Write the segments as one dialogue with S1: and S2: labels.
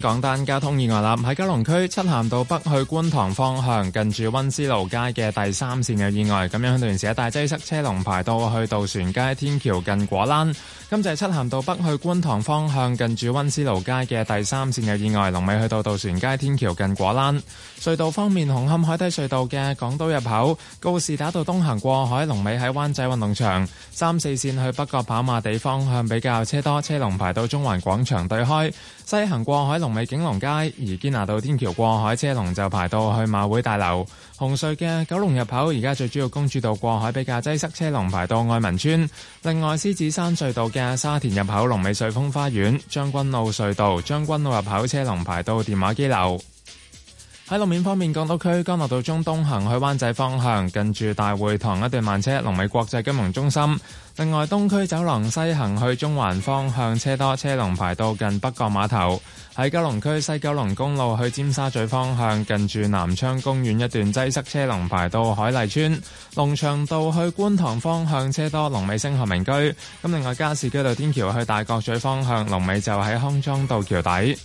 S1: 講單交通意外啦！喺九龍區漆咸道北去觀塘方向，近住溫思勞街嘅第三線有意外，咁樣喺段時一帶擠塞，車龍排到去渡船街天橋近果欄。今就係漆咸道北去觀塘方向，近住溫思勞街嘅第三線有意外，龍尾去到渡船街天橋近果欄。隧道方面，紅磡海底隧道嘅港島入口，告士打道東行過海，龍尾喺灣仔運動場。三四線去北角跑馬地方向比較車多，車龍排到中環廣場對開。西行過海龍尾景隆街，而堅拿道天橋過海車龍就排到去馬會大樓。紅隧嘅九龍入口而家最主要公主道過海比較擠塞車龍，車龍排到愛民村。另外獅子山隧道嘅沙田入口龍尾瑞豐花園，將軍澳隧道將軍澳入口車龍排到電話機樓。喺路面方面，港島區干諾道中東行去灣仔方向，近住大會堂一段慢車；龍尾國際金融中心。另外，東區走廊西行去中環方向車多，車龍排到近北角碼頭。喺九龍區西九龍公路去尖沙咀方向，近住南昌公園一段擠塞，車龍排到海麗邨；龍翔道去觀塘方向車多，龍尾星河名居。咁另外，加士居道天橋去大角咀方向龍尾就喺康莊道橋底。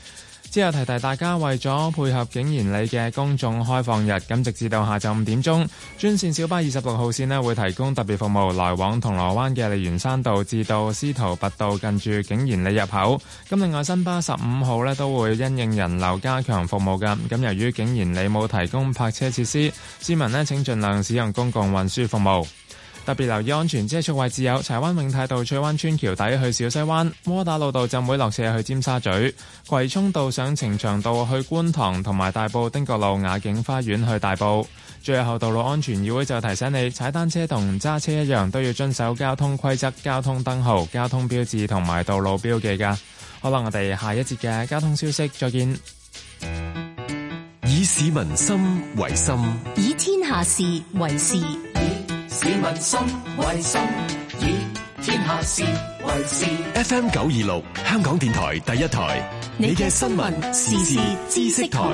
S1: 之後提提大家，為咗配合景賢里嘅公眾開放日，咁直至到下晝五點鐘，專線小巴二十六號線呢會提供特別服務，來往銅鑼灣嘅利園山道至到司徒拔道近住景賢里入口。咁另外新巴十五號呢都會因應人流加強服務㗎。咁由於景賢里冇提供泊車設施，市民呢請盡量使用公共運輸服務。特別留意安全車速位置有柴灣永泰道翠灣村橋底去小西灣、窩打老道浸會落斜去尖沙咀、葵涌道上呈祥道去觀塘同埋大埔汀角路雅景花園去大埔。最後，道路安全議會就提醒你，踩單車同揸車一樣，都要遵守交通規則、交通燈號、交通標誌同埋道路標記噶。好啦，我哋下一節嘅交通消息，再見。以市民心為心，
S2: 以天下事為事。以民心為
S1: 心，以天下事為事。FM 九二六，香港電台第一台，你嘅新聞、時事、知識台，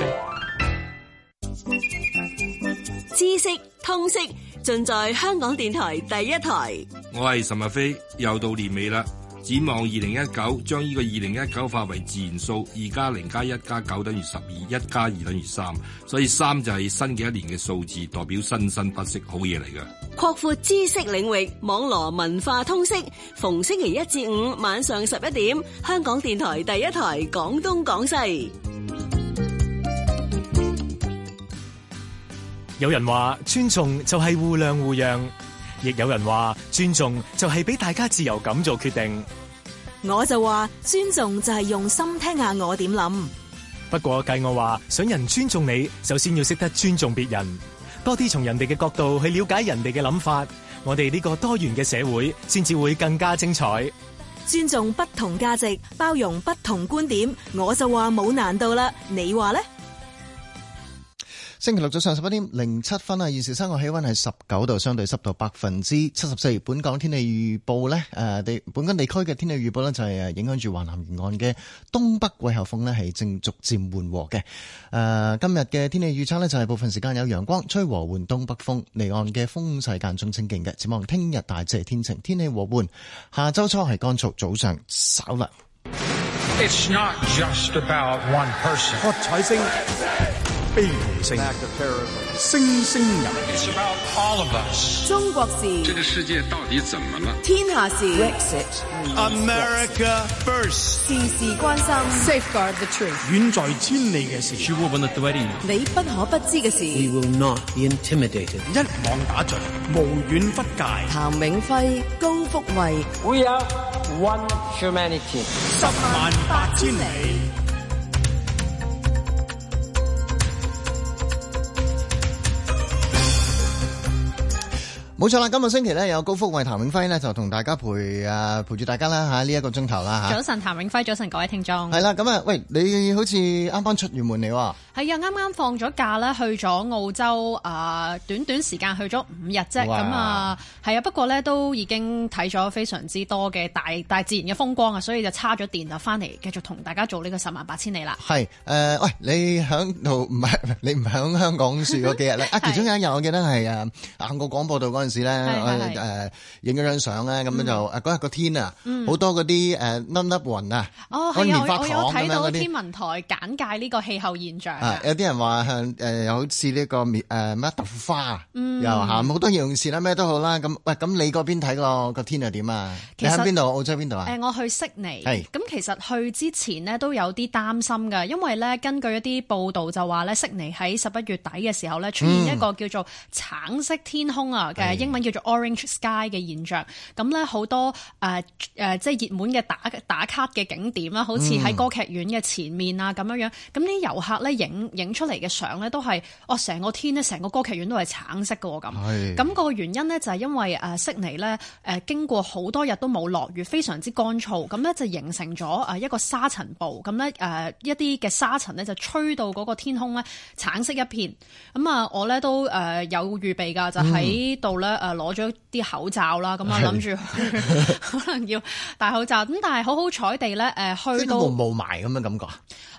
S2: 知識、通識盡在香港電台第一台。
S1: 我係岑日飛，又到年尾啦。展望二零一九，將呢個二零一九化為自然數，二加零加一加九等於十二，一加二等於三，所以三就係新嘅一年嘅數字，代表生生不息，好嘢嚟嘅。
S2: 擴闊知識領域，網羅文化通識。逢星期一至五晚上十一點，香港電台第一台廣東廣西。
S1: 有人話尊重就係互諒互讓。亦有人話尊重就係俾大家自由咁做決定，
S2: 我就話尊重就係用心聽下我點諗。
S1: 不過計我話想人尊重你，首先要識得尊重別人，多啲從人哋嘅角度去了解人哋嘅諗法。我哋呢個多元嘅社會，先至會更加精彩。
S2: 尊重不同價值，包容不同觀點，我就話冇難度啦。你話呢？
S3: 星期六早上十一點零七分啊，現時室外氣溫係十九度，相對濕度百分之七十四。本港天氣預報呢，誒、呃、地本港地區嘅天氣預報呢，就係影響住華南沿岸嘅東北季候風呢係正逐漸緩和嘅。誒、呃、今日嘅天氣預測呢，就係部分時間有陽光，吹和緩東北風，離岸嘅風勢間中清勁嘅。展望聽日大致係天晴，天氣和緩，下週初係乾燥，早上稍涼。
S4: 被同情，聲聲
S1: 入耳，中國事，這個世界到底怎麼了？天下事，
S5: 美國第一。事事關心，
S6: 遠在千里嘅事，
S5: 你不可不知嘅事。
S6: 一
S1: 網打盡，無遠不屆。譚永輝，高福慧，We Are One Humanity，十萬八千里。
S3: 冇錯啦，今個星期咧有高福為譚永輝咧，就同大家陪陪住大家啦，嚇呢一個鐘頭啦嚇。早
S7: 晨，譚永輝，早晨各位聽眾。係
S3: 啦，咁啊，喂，你好似啱啱出完門嚟喎。
S7: 係啊，啱啱放咗假啦，去咗澳洲啊、呃，短短時間去咗五日啫，咁啊係啊，不過咧都已經睇咗非常之多嘅大大自然嘅風光啊，所以就差咗電就翻嚟繼續同大家做呢個十萬八千里啦。
S3: 係、呃、喂，你響度唔係你唔響香港住嗰幾日咧？啊， 其中有一日我記得係啊，行過廣播道嗰咧，誒影咗張相咧，咁樣就嗰日個天啊，好、啊嗯、多嗰啲誒粒粒雲啊我，我有我有睇到天
S7: 文台簡介呢個氣候現象、啊啊，
S3: 有啲人話向誒好似呢個誒咩、呃、豆花，嗯、又嚇好多形容線啦，咩都好啦。咁、啊、喂，咁你嗰邊睇個個天又、啊、點、呃、啊，啊？你喺邊度？
S7: 澳洲邊度啊？誒、呃，我去悉尼，咁其實去之前呢都有啲擔心嘅，因為咧根據一啲報道就話咧悉尼喺十一月底嘅時候咧出現一個叫做橙色天空啊嘅。英文叫做 Orange Sky 嘅現象，咁咧好多誒誒、呃、即係熱門嘅打打卡嘅景點啦，好似喺歌劇院嘅前面啊咁樣、嗯、樣，咁啲遊客咧影影出嚟嘅相咧，都係哦成個天咧，成個歌劇院都係橙色嘅喎咁。咁、嗰個、原因咧就係因為誒悉、啊、尼咧誒經過好多日都冇落雨，非常之乾燥，咁咧就形成咗誒一個沙塵暴。咁咧誒一啲嘅沙塵咧就吹到嗰個天空咧橙色一片。咁啊，我咧都誒有預備㗎、嗯，就喺度。咧誒，攞咗啲口罩啦，咁啊，諗住可能要戴口罩咁， 但係好好彩地咧，誒，去到
S3: 霧霾咁嘅感覺
S7: 誒，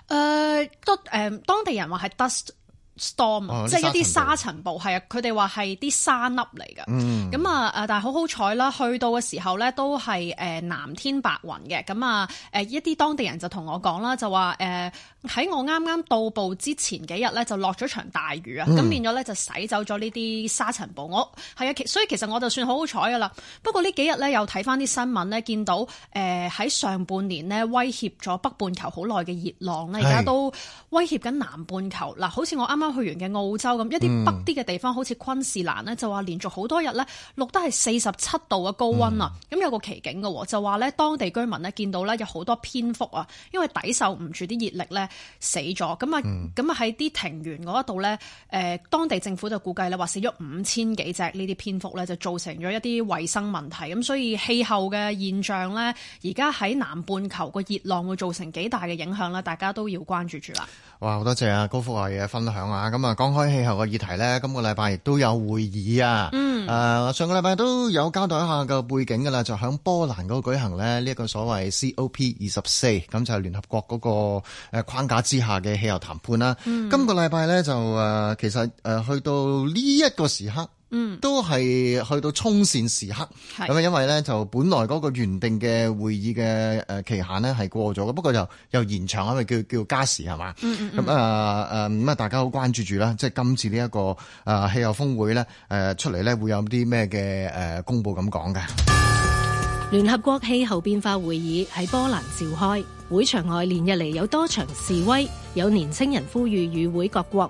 S7: 得、呃、誒，當地人話係 dust storm，、哦、些即係一啲沙塵暴係啊，佢哋話係啲沙粒嚟㗎，咁啊誒，但係好好彩啦，去到嘅時候咧都係誒藍天白雲嘅，咁啊誒，一啲當地人就同我講啦，就話誒。呃喺我啱啱到步之前幾日咧，就落咗場大雨啊，咁變咗咧就洗走咗呢啲沙塵暴。我係啊，所以其實我就算好好彩㗎喇。不過呢幾日咧，又睇返啲新聞咧，見到誒喺上半年呢，威脅咗北半球好耐嘅熱浪咧，而家都威脅緊南半球。嗱，好似我啱啱去完嘅澳洲咁，一啲北啲嘅地方，嗯、好似昆士蘭呢，就話連續好多日咧，錄得係四十七度嘅高溫啊。咁、嗯、有個奇景㗎喎，就話咧當地居民呢，見到咧有好多蝙蝠啊，因為抵受唔住啲熱力咧。死咗咁啊！咁啊喺啲庭園嗰度咧，誒、嗯，當地政府就估計咧話死咗五千幾隻呢啲蝙蝠咧，就造成咗一啲衛生問題。咁所以氣候嘅現象咧，而家喺南半球個熱浪會造成幾大嘅影響咧，大家都要關注住啦。哇！
S3: 好多謝啊，高福華嘅分享啊。咁啊，講開氣候嘅議題咧，今個禮拜亦都有會議啊。嗯誒、呃、上個禮拜都有交代一下個背景㗎啦，就響波蘭嗰舉行咧，呢一個所謂 COP 二十四，咁就係聯合國個誒框架之下嘅氣候談判啦。嗯、今個禮拜咧就誒、呃、其實誒、呃、去到呢一個時刻。嗯，都係去到衝線時刻，咁啊，因為咧就本來嗰個原定嘅會議嘅誒期限咧係過咗嘅，不過就又，又延長，因為叫叫加時係嘛，咁啊誒，咁、嗯、啊、嗯呃呃，大家好關注住啦，即係今次呢、這、一個誒氣、呃、候峰會咧，誒、呃、出嚟咧會有啲咩嘅誒公布咁講嘅。
S2: 聯合國氣候變化會議喺波蘭召開，會場外連日嚟有多場示威，有年輕人呼籲與會各國。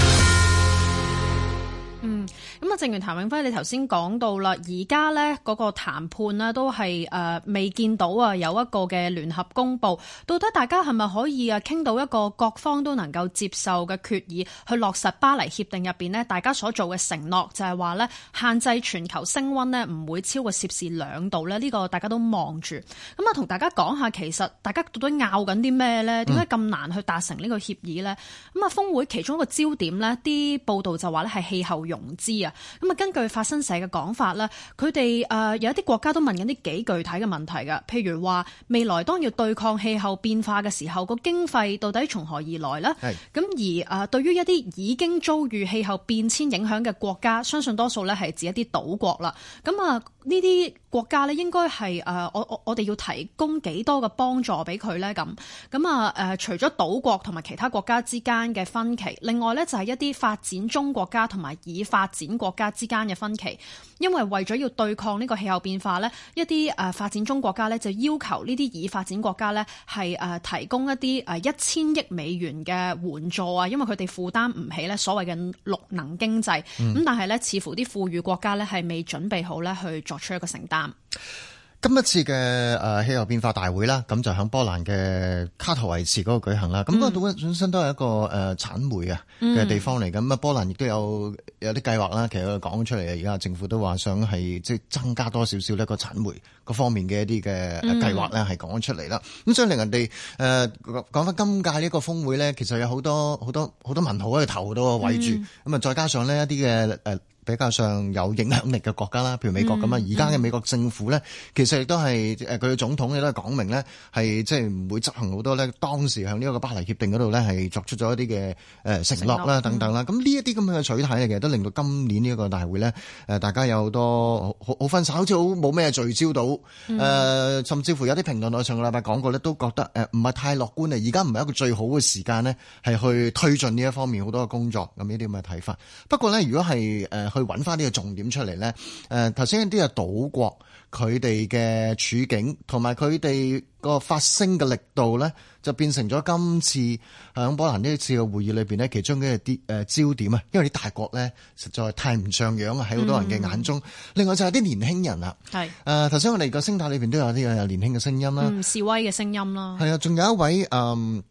S7: 咁正如譚永輝你頭先講到啦，而家咧嗰個談判呢都係誒未見到啊有一個嘅聯合公佈，到底大家係咪可以啊傾到一個各方都能夠接受嘅決議，去落實巴黎協定入面呢，大家所做嘅承諾，就係話呢限制全球升溫呢唔會超過攝氏兩度呢。呢、呢個大家都望住。咁啊，同大家講下其實大家到底拗緊啲咩呢？點解咁難去達成呢個協議呢？咁、嗯、啊，峰會其中一個焦點呢，啲報道就話呢係氣候融資啊。咁啊，根據法新社嘅講法咧，佢哋誒有一啲國家都問緊啲幾具體嘅問題㗎，譬如話未來當要對抗氣候變化嘅時候，個經費到底從何而來呢？咁而誒，對於一啲已經遭遇氣候變遷影響嘅國家，相信多數咧係指一啲島國啦。咁、嗯、啊。呢啲國家咧，應該係誒、呃、我我我哋要提供幾多嘅幫助俾佢咧。咁、咁啊誒，除咗島國同埋其他國家之間嘅分歧，另外咧就係一啲發展中國家同埋已發展國家之間嘅分歧，因為為咗要對抗呢個氣候變化咧，一啲誒發展中國家咧就要求呢啲已發展國家咧係誒提供一啲誒一千億美元嘅援助啊，因為佢哋負擔唔起咧所謂嘅綠能經濟，咁、嗯、但係咧似乎啲富裕國家咧係未準備好咧去。作出
S3: 一個承擔。今一次嘅誒氣候變化大會啦，咁就喺波蘭嘅卡托維茨嗰度舉行啦。咁、嗯、到本身都係一個誒、呃、產煤嘅嘅地方嚟，咁啊，波蘭亦都有有啲計劃啦。其實佢講出嚟而家政府都話想係即係增加多少少呢個產煤方面嘅一啲嘅計劃咧，係講出嚟啦。咁所以令人哋誒講翻今屆呢個峰會咧，其實有好多好多好多文好喺度頭度圍住。咁、嗯、啊，再加上呢一啲嘅誒。呃比較上有影響力嘅國家啦，譬如美國咁啊。而家嘅美國政府呢，其實亦都係誒佢嘅總統亦都係講明呢，係即係唔會執行好多呢。當時向呢一個巴黎協定嗰度呢，係作出咗一啲嘅誒承諾啦等等啦。咁呢一啲咁嘅取態，其實都令到今年呢一個大會呢，誒、呃、大家有好多好好，好分散，好似好冇咩聚焦到誒、呃，甚至乎有啲評論我上個禮拜講過呢，都覺得誒唔係太樂觀啊。而家唔係一個最好嘅時間呢，係去推進呢一方面好多嘅工作。咁呢啲咁嘅睇法。不過呢，如果係誒。呃去揾翻呢個重點出嚟咧，誒頭先啲嘅島國佢哋嘅處境同埋佢哋個發聲嘅力度咧，就變成咗今次響、啊、波蘭呢一次嘅會議裏邊咧，其中嘅一啲誒焦點啊，因為啲大國咧實在太唔像樣啊，喺好多人嘅眼中、嗯。另外就係啲年輕人啊。係誒頭先我哋個聲帶裏邊都有啲年輕嘅聲，嗯、聲音啦，
S7: 示威嘅聲音啦，係
S3: 啊，仲有一位誒。嗯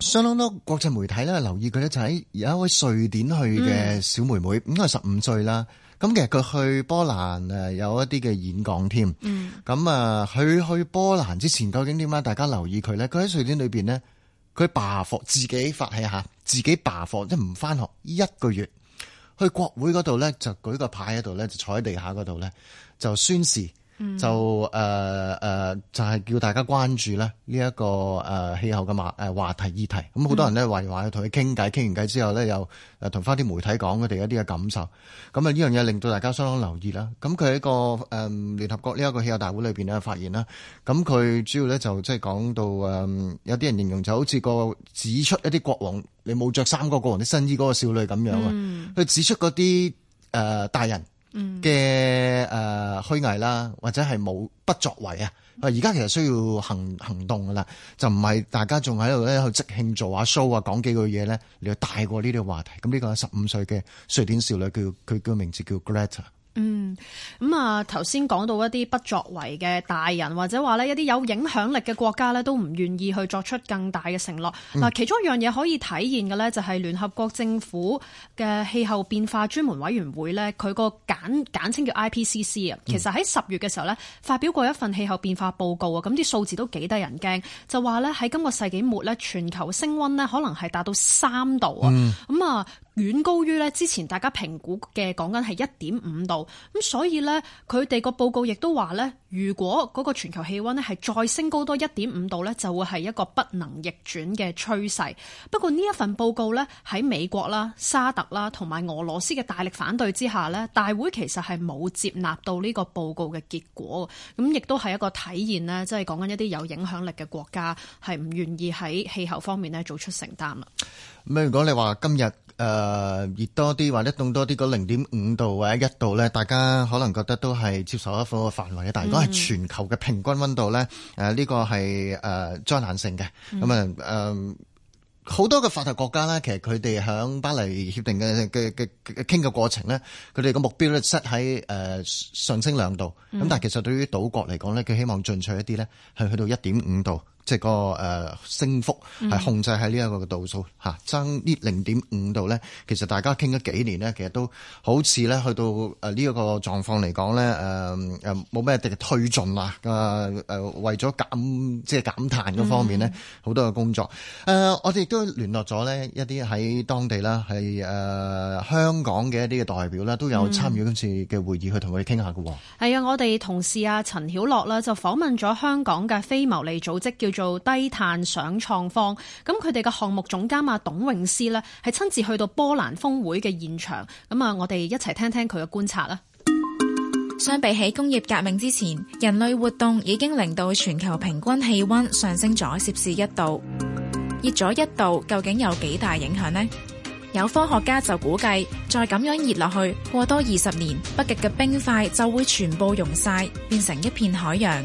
S3: 相當多國際媒體咧留意佢，就喺有一位瑞典去嘅小妹妹，嗯、應該係十五歲啦。咁其實佢去波蘭誒，有一啲嘅演講添。咁、嗯、啊，佢去波蘭之前究竟點解大家留意佢咧，佢喺瑞典裏邊咧，佢罷課自己發起吓，自己罷課即唔翻學一個月，去國會嗰度咧就舉個牌喺度咧，就坐喺地下嗰度咧就宣示。就誒誒、嗯呃呃、就係、是、叫大家關注咧呢一個誒氣候嘅話誒話題議題，咁、嗯、好多人咧話話要同佢傾偈，傾完偈之後咧又誒同翻啲媒體講佢哋一啲嘅感受。咁啊呢樣嘢令到大家相當留意啦。咁佢喺個誒聯合國呢一個氣候大會裏邊咧發言啦。咁佢主要咧就即係講到誒有啲人形容就好似個指出一啲國王你冇着衫個國王啲新衣嗰個少女咁樣啊，去、嗯、指出嗰啲誒大人。嘅誒、呃、虛偽啦，或者係冇不作為啊！啊，而家其實需要行行動㗎喇，就唔係大家仲喺度咧去即興做下 show 啊，講幾句嘢咧，你要帶過呢啲話題。咁呢個十五歲嘅瑞典少女，叫佢叫名字叫 Greta。
S7: 嗯，咁、嗯、啊，頭先講到一啲不作為嘅大人，或者話呢一啲有影響力嘅國家呢，都唔願意去作出更大嘅承諾。嗱、嗯，其中一樣嘢可以體現嘅呢，就係聯合國政府嘅氣候變化專門委員會呢，佢個簡簡稱叫 IPCC 啊。其實喺十月嘅時候呢，發表過一份氣候變化報告啊，咁啲數字都幾得人驚，就話呢，喺今個世紀末呢，全球升溫呢，可能係達到三度啊，咁、嗯、啊。嗯遠高於呢之前大家評估嘅講緊係一點五度，咁所以呢，佢哋個報告亦都話呢，如果嗰個全球氣溫呢係再升高多一點五度呢，就會係一個不能逆轉嘅趨勢。不過呢一份報告呢，喺美國啦、沙特啦同埋俄羅斯嘅大力反對之下呢，大會其實係冇接納到呢個報告嘅結果，咁亦都係一個體現呢，即係講緊一啲有影響力嘅國家係唔願意喺氣候方面呢做出承擔啦。
S3: 如果你話今日。誒、呃，熱多啲或者凍多啲，個零點五度或者一度咧，大家可能覺得都係接受一個範圍嘅。但如果係全球嘅平均溫度咧，誒、嗯、呢、呃這個係誒災難性嘅。咁、嗯、啊，好、呃、多嘅發達國家咧，其實佢哋響巴黎協定嘅嘅嘅傾嘅過程咧，佢哋個目標咧 set 喺誒上升兩度。咁、嗯、但係其實對於島國嚟講咧，佢希望進取一啲咧，係去到一點五度。即係個誒升幅係控制喺呢一個嘅度數吓增呢零點五度咧，其實大家傾咗幾年咧，其實都好似咧去到誒呢一個狀況嚟講咧，誒誒冇咩嘅推進啊，誒、呃、誒為咗減即係減碳嗰方面咧，好、嗯、多嘅工作。誒、呃、我哋都聯絡咗咧一啲喺當地啦，係誒、呃、香港嘅一啲嘅代表啦，都有參與今次嘅會議、嗯、去同佢哋傾下嘅喎。
S7: 係啊，我哋同事啊陳曉樂啦，就訪問咗香港嘅非牟利組織叫。做低碳想創方，咁佢哋嘅項目總監阿董泳詩呢，係親自去到波蘭峰會嘅現場，咁啊，我哋一齊聽聽佢嘅觀察啦。相比
S8: 起工業革命之前，人類活動已經令到全球平均氣溫上升咗攝氏一度，熱咗一度究竟有幾大影響呢？有科學家就估計，再咁樣熱落去，過多二十年，北極嘅冰塊就會全部融晒，變成一片海洋。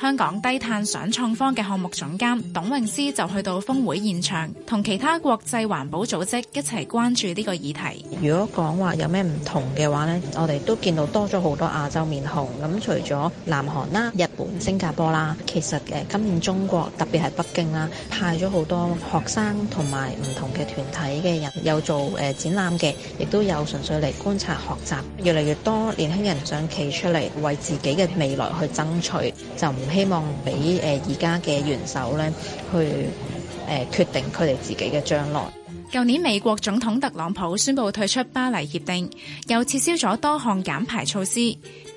S8: 香港低碳想創方嘅項目總監董泳詩就去到峰會現場，同其他國際環保組織一齊關注呢個議題。
S4: 如果講話有咩唔同嘅話呢，我哋都見到多咗好多亞洲面孔。咁除咗南韓啦、日本、新加坡啦，其實誒今年中國特別係北京啦，派咗好多學生同埋唔同嘅團體嘅人有做誒展覽嘅，亦都有純粹嚟觀察學習。越嚟越多年輕人想企出嚟為自己嘅未來去爭取，就唔。希望俾誒而家嘅元首咧，去誒決定佢哋自己嘅將來。
S8: 舊年美國總統特朗普宣布退出巴黎協定，又撤銷咗多項減排措施。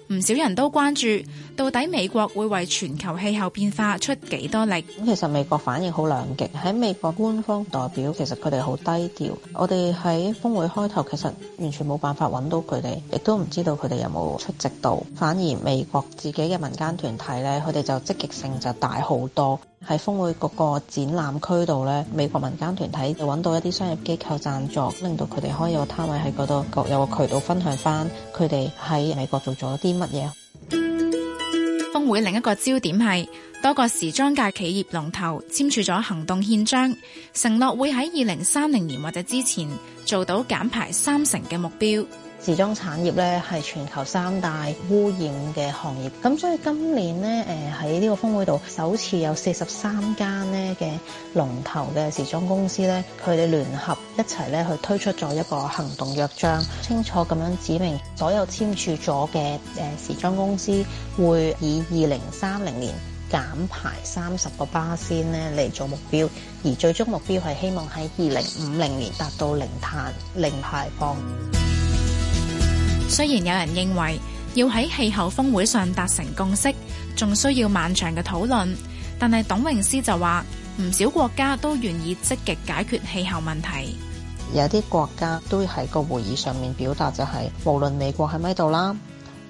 S8: 唔少人都關注，到底美國會為全球氣候變化出幾
S4: 多力？咁其實美國反應好兩極。喺美國官方代表，其實佢哋好低調。我哋喺峰會開頭，其實完全冇辦法揾到佢哋，亦都唔知道佢哋有冇出席到。反而美國自己嘅民間團體咧，佢哋就積極性就大好多。喺峰會嗰個展覽區度咧，美國民間團體就揾到一啲商業機構贊助，令到佢哋可以有個攤位喺嗰度，有個渠道分享翻佢哋喺美國做咗啲乜嘢。峰會另一個
S8: 焦點係多個時裝界企業龍頭簽署咗行動憲章，承諾會喺二零三零年或者之前做到減排三成嘅目標。時裝
S4: 產業咧係全球三大污染嘅行業，咁所以今年咧誒喺呢個峰會度，首次有四十三間咧嘅龍頭嘅時裝公司咧，佢哋聯合一齊咧去推出咗一個行動約章，清楚咁樣指明所有簽署咗嘅誒時裝公司會以二零三零年減排三十個巴仙咧嚟做目標，而最終目標係希望喺二零五零年達到零碳零排放。
S8: 雖然有人認為要喺氣候峰會上達成共識，仲需要漫長嘅討論，但係董榮斯就話唔少國家都願意積極解決氣候問題。
S4: 有啲國家都喺個會議上面表達就係、是，無論美國喺咪度啦，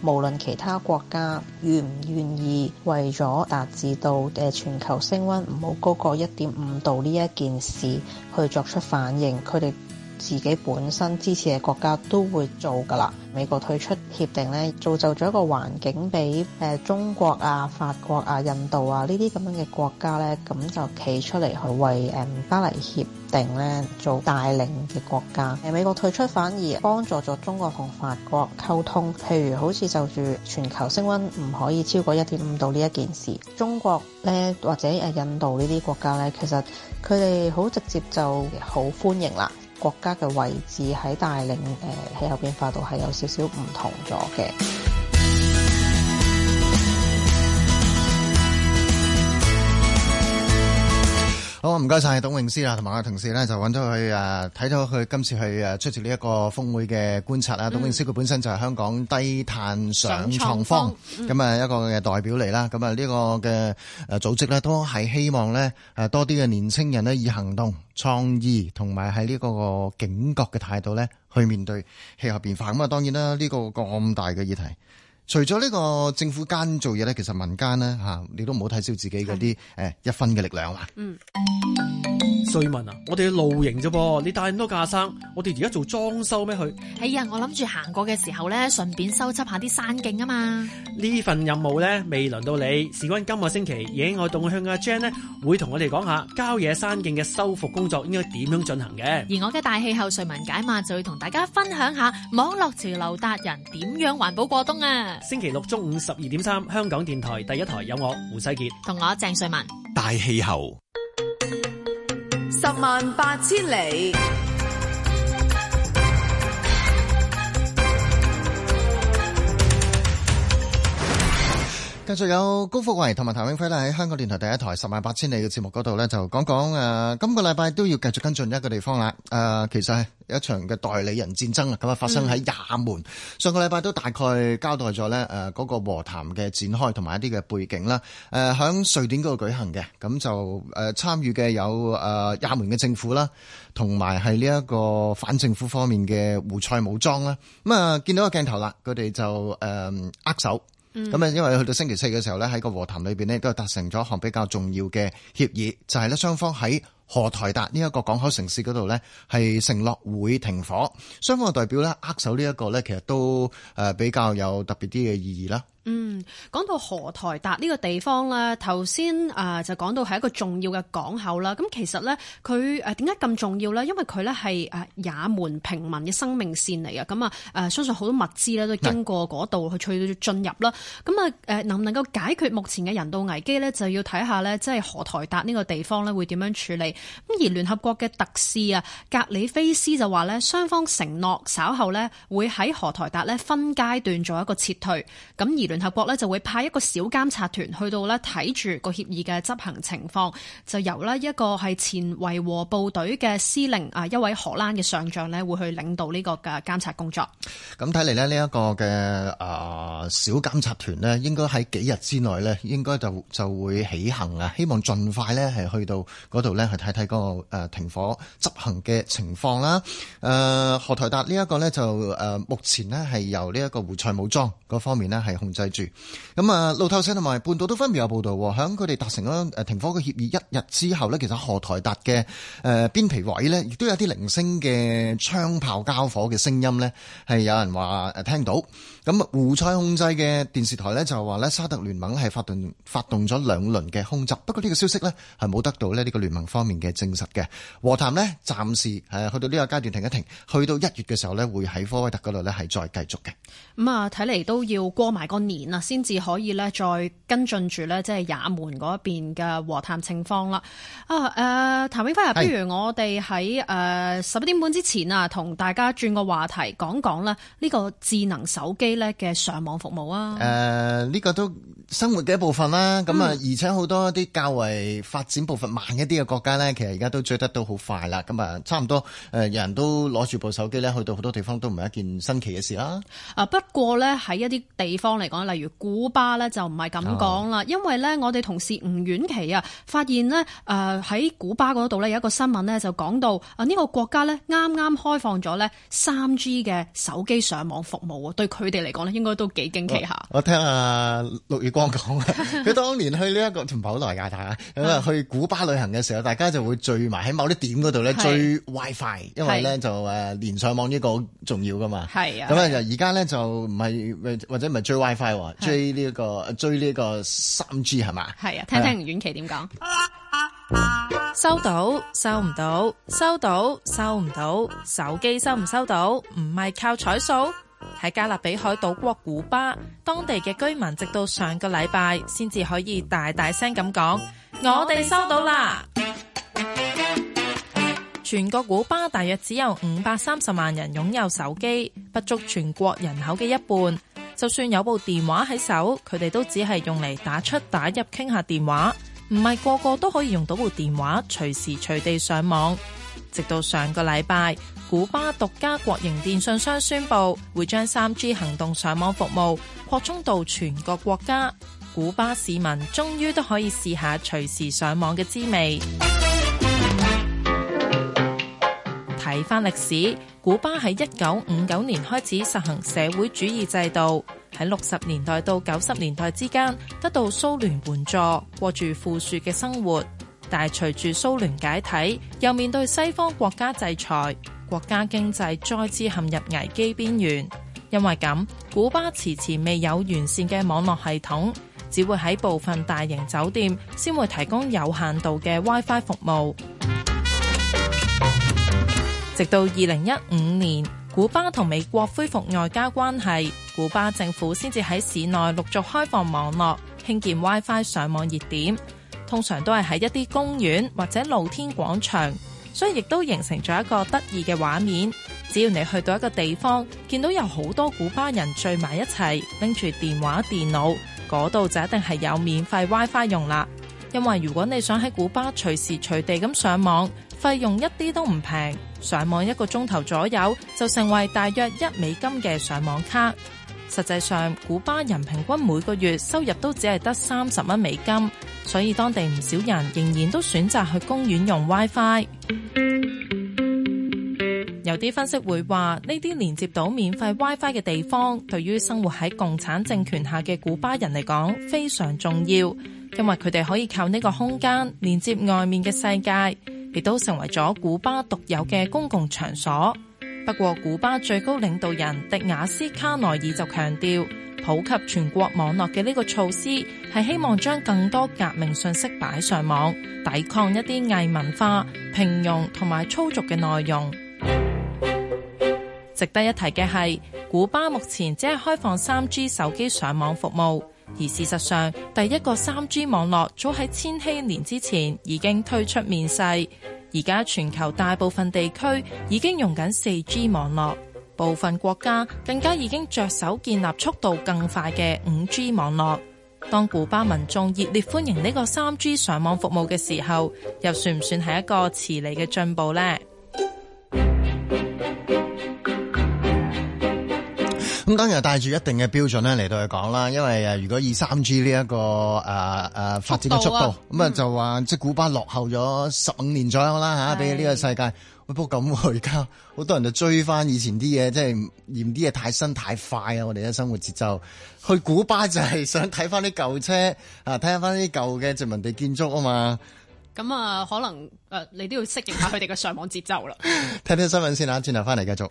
S4: 無論其他國家願唔願意為咗達至到誒全球升温唔好高過一點五度呢一件事去作出反應，佢哋自己本身支持嘅國家都會做噶啦。美國退出協定咧，造就咗一個環境俾中國啊、法國啊、印度啊呢啲咁樣嘅國家咧，咁就企出嚟去為誒巴黎協定咧做帶領嘅國家。美國退出反而幫助咗中國同法國溝通。譬如好似就住全球升溫唔可以超過一點五度呢一件事，中國咧或者印度呢啲國家咧，其實佢哋好直接就好歡迎啦。國家嘅位置喺帶領誒、呃、氣候變化度係有少少唔同咗嘅。
S3: 好，唔該晒董詠詩啦，同埋我同事咧就揾到佢、誒，睇到佢今次去誒、出席呢一個峰會嘅觀察啦、嗯。董詠詩佢本身就係香港低碳上創方咁啊、嗯、一個嘅代表嚟。啦咁啊呢個嘅誒、組織咧都係希望咧誒、多啲嘅年青人呢，以行動創意同埋喺呢個個警覺嘅態度咧去面對氣候變化。咁啊，當然啦，呢、這個咁大嘅議題。除咗呢個政府間做嘢咧，其實民間咧嚇你都唔好睇少自己嗰啲誒一分嘅力量啊！嗯，瑞文啊，我
S1: 哋要露營啫噃，你帶咁多架生，我哋而家做裝修咩？佢，
S7: 哎呀，hey, 我諗住行過嘅
S2: 時候咧，順便修葺下啲山徑啊嘛！
S1: 呢份任務咧，未輪到你。事關今個星期野外動向嘅 Jan 咧，會同我哋講下郊野山徑嘅修復工作應該點樣進行嘅。
S2: 而我嘅大氣候瑞文解碼就會同大家分享下網絡潮流
S7: 達人點樣環保過冬啊！星期六中午十二點三，香港電台第一台有我，胡世杰，同我，鄭瑞文，
S1: 大氣候，
S2: 十萬八千里。
S3: 繼續有高福維同埋譚永輝咧，喺香港電台第一台《十萬八千里》嘅節目嗰度咧，就講講誒，今個禮拜都要繼續跟進一個地方啦。誒、呃，其實係一場嘅代理人戰爭啊，咁啊發生喺也門。嗯、上個禮拜都大概交代咗呢誒，嗰、呃那個和談嘅展開同埋一啲嘅背景啦。誒、呃，響瑞典嗰度舉行嘅。咁就誒參與嘅有誒、呃、也門嘅政府啦，同埋係呢一個反政府方面嘅胡塞武裝啦。咁啊，見到個鏡頭啦，佢哋就誒、呃、握手。咁、嗯、啊，因為去到星期四嘅時候咧，喺個和談裏邊咧，都達成咗一項比較重要嘅協議，就係咧雙方喺何台達呢一個港口城市嗰度咧，係承諾會停火，雙方嘅代表咧握手呢一個咧，其實都誒比較有特別啲嘅意義啦。
S7: 嗯，講到荷台達呢個地方啦，頭先啊就講到係一個重要嘅港口啦。咁其實呢，佢誒點解咁重要呢？因為佢呢係誒也門平民嘅生命線嚟嘅。咁、呃、啊相信好多物資呢都經過嗰度去，去進入啦。咁啊能唔能夠解決目前嘅人道危機呢？就要睇下呢，即係荷台達呢個地方呢會點樣處理。咁而聯合國嘅特使啊格里菲斯就話呢，雙方承諾稍後呢會喺荷台達呢分階段做一個撤退。咁而聯合國呢，就會派一個小監察團去到呢，睇住個協議嘅執行情況，就由呢一個係前維和部隊嘅司令啊，一位荷蘭嘅上將呢會去領導呢個嘅監察工作。
S3: 咁睇嚟呢，呢一個嘅啊小監察團呢應該喺幾日之內呢應該就就會起行啊！希望盡快呢係去到嗰度呢去睇睇嗰個誒停火執行嘅情況啦。誒、呃，荷台達呢一個呢就誒目前呢係由呢一個胡塞武裝嗰方面呢係控制。住咁啊！路透社同埋半島都分別有報道，喺佢哋達成咗誒停火嘅協議一日之後咧，其實荷台達嘅誒邊皮位咧，亦都有啲零星嘅槍炮交火嘅聲音咧，係有人話誒聽到。咁啊，胡塞控制嘅電視台咧就話咧，沙特聯盟係發動發動咗兩輪嘅空襲，不過呢個消息咧係冇得到咧呢個聯盟方面嘅證實嘅。和談咧暫時去到呢個階段停一停，去到一月嘅時候咧會喺科威特嗰度咧係再繼續嘅。
S7: 咁、嗯、啊，睇嚟都要過埋個年。先至可以咧，再跟進住咧，即係也門嗰邊嘅和談情況啦。啊，誒、呃，譚永輝啊，不如我哋喺誒十一點半之前啊，同大家轉個話題，講講咧呢個智能手機咧嘅上網服務啊。
S3: 誒、呃，呢、這個都生活嘅一部分啦。咁、嗯、啊，而且好多啲較為發展步伐慢一啲嘅國家呢，其實而家都追得到好快啦。咁啊，差唔多有人都攞住部手機咧，去到好多地方都唔係一件新奇嘅事啦。
S7: 啊，不過呢，喺一啲地方嚟講。例如古巴咧就唔係咁講啦，因為咧我哋同事吳婉琪啊，發現咧誒喺古巴嗰度咧有一個新聞咧就講到啊呢、這個國家咧啱啱開放咗咧 3G 嘅手機上網服務啊，對佢哋嚟講咧應該都幾驚奇下。
S3: 我聽阿、啊、陸月光講啊，佢當年去呢、這、一個團保來噶，大家咁啊去古巴旅行嘅時候，大家就會聚埋喺某啲點度咧追 WiFi，因為咧就誒連上網呢個好重要噶嘛。係啊，咁啊就而家咧就唔係或者唔係追 WiFi。哦、追呢、這個是，啊、追呢個三 G 係嘛？
S7: 係啊，聽聽
S5: 袁琪點講？收到收唔到，收到收唔到，手機收唔收到？唔係靠彩數。喺加勒比海島國古巴，當地嘅居民直到上個禮拜先至可以大大聲咁講，我哋收到啦。全國古巴大約只有五百三十萬人擁有手機，不足全國人口嘅一半。就算有部電話喺手，佢哋都只係用嚟打出打入傾下電話，唔係個個都可以用到部電話隨時隨地上網。直到上個禮拜，古巴獨家國營電信商宣布會將三 G 行動上網服務擴充到全國國家，古巴市民終於都可以試下隨時上網嘅滋味。睇翻歷史，古巴喺一九五九年開始實行社會主義制度，喺六十年代到九十年代之間得到蘇聯援助，過住富庶嘅生活。但係隨住蘇聯解體，又面對西方國家制裁，國家經濟再次陷入危機邊緣。因為咁，古巴遲遲未有完善嘅網絡系統，只會喺部分大型酒店先會提供有限度嘅 WiFi 服務。直到二零一五年，古巴同美國恢復外交關係，古巴政府先至喺市內陸續開放網絡興建 WiFi 上網熱點。通常都係喺一啲公園或者露天廣場，所以亦都形成咗一個得意嘅畫面。只要你去到一個地方，見到有好多古巴人聚埋一齊拎住電話電腦，嗰度就一定係有免費 WiFi 用啦。因為如果你想喺古巴隨時隨地咁上網，費用一啲都唔平。上網一個鐘頭左右，就成為大約一美金嘅上網卡。實際上，古巴人平均每個月收入都只係得三十蚊美金，所以當地唔少人仍然都選擇去公園用 WiFi。有啲分析會話，呢啲連接到免費 WiFi 嘅地方，對於生活喺共產政權下嘅古巴人嚟講非常重要，因為佢哋可以靠呢個空間連接外面嘅世界。亦都成為咗古巴獨有嘅公共場所。不過，古巴最高領導人迪亞斯卡內爾就強調，普及全國網絡嘅呢個措施係希望將更多革命信息擺上網，抵抗一啲偽文化、平庸同埋粗俗嘅內容。值得一提嘅係，古巴目前只係開放三 G 手機上網服務。而事實上，第一個三 G 網絡早喺千禧年之前已經推出面世，而家全球大部分地區已經用緊四 G 網絡，部分國家更加已經着手建立速度更快嘅五 G 網絡。當古巴民眾熱烈歡迎呢個三 G 上網服務嘅時候，又算唔算係一個遲嚟嘅進步呢？咁
S3: 當然帶住一定嘅標準咧嚟到去講啦，因為誒，如果二、這個、三 G 呢一個誒誒發展嘅速度，咁啊、嗯、就話即係古巴落後咗十五年左右啦吓，比呢、啊、個世界，喂、哎、不過咁喎，而家好多人就追翻以前啲嘢，即、就、係、是、嫌啲嘢太新太快啊！我哋嘅生活節奏去古巴就係想睇翻啲舊車啊，睇返翻啲舊嘅殖民地建築啊嘛。
S7: 咁啊，可能誒、啊、你都要適應下佢哋嘅上網節奏啦 。
S3: 睇睇新聞先吓，轉頭翻嚟繼續。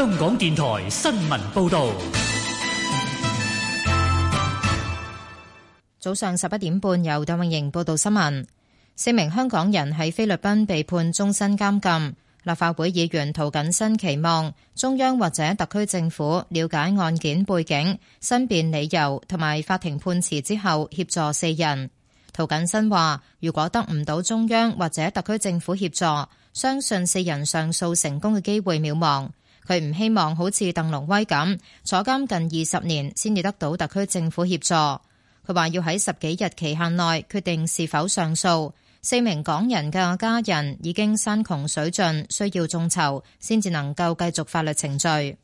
S1: 香港電台新聞報道，
S9: 早上十一點半由鄧穎瑩報道新聞。四名香港人喺菲律賓被判終身監禁。立法會議員涂謹申期望中央或者特區政府了解案件背景、申辯理由同埋法庭判詞之後協助四人。涂謹申話：如果得唔到中央或者特區政府協助，相信四人上訴成功嘅機會渺茫。佢唔希望好似鄧龍威咁坐監近二十年先至得到特區政府協助。佢話要喺十幾日期限內決定是否上訴。四名港人嘅家人已經山窮水盡，需要眾籌先至能夠繼續法律程序。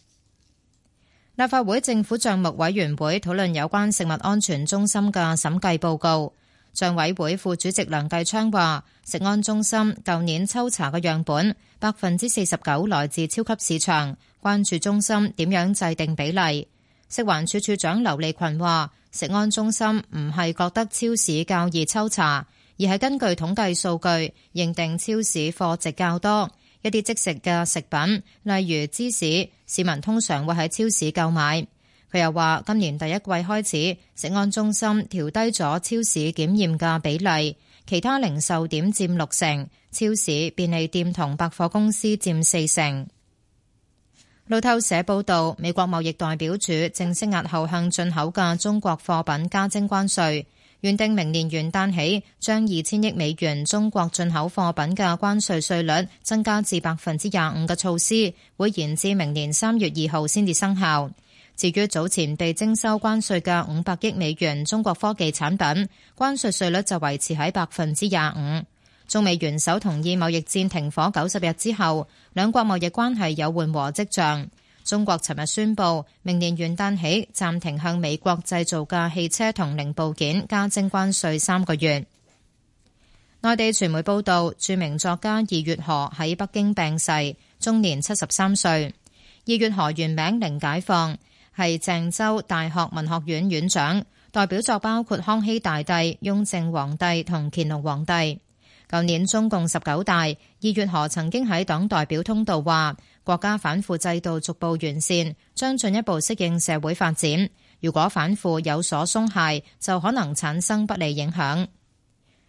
S9: 立法會政府賬目委員會討論有關食物安全中心嘅審計報告。賬委會副主席梁繼昌話，食安中心舊年抽查嘅樣本，百分之四十九來自超級市場，關注中心點樣制定比例？食環署署長劉利群話：食安中心唔係覺得超市較易抽查，而係根據統計數據認定超市貨值較多，一啲即食嘅食品，例如芝士，市民通常會喺超市購買。佢又話：今年第一季開始，食安中心調低咗超市檢驗嘅比例。其他零售點占六成，超市、便利店同百貨公司占四成。路透社報道，美國貿易代表處正式押後向進口嘅中國貨品加徵關稅，原定明年元旦起將二千億美元中國進口貨品嘅關稅稅率增加至百分之廿五嘅措施，會延至明年三月二號先至生效。至於早前被徵收關稅嘅五百億美元中國科技產品，關稅稅率就維持喺百分之廿五。中美元首同意貿易戰停火九十日之後，兩國貿易關係有緩和跡象。中國尋日宣布，明年元旦起暫停向美國製造嘅汽車同零部件加徵關稅三個月。內地傳媒報道，著名作家二月河喺北京病逝，終年七十三歲。二月河原名凌解放。係鄭州大學文學院院長，代表作包括康熙大帝、雍正皇帝同乾隆皇帝。舊年中共十九大，二月河曾經喺黨代表通道話，國家反腐制度逐步完善，將進一步適應社會發展。如果反腐有所鬆懈，就可能產生不利影響。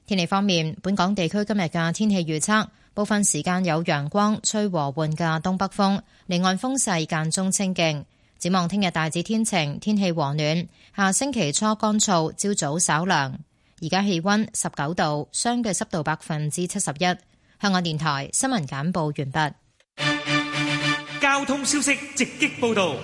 S9: 天氣方面，本港地區今日嘅天氣預測，部分時間有陽光，吹和緩嘅東北風，離岸風勢間中清勁。展望聽日大致天晴，天氣和暖。下星期初乾燥，朝早稍涼。而家氣溫十九度，相對濕度百分之七十一。香港電台新聞簡報完畢。
S1: 交通消息直擊報道。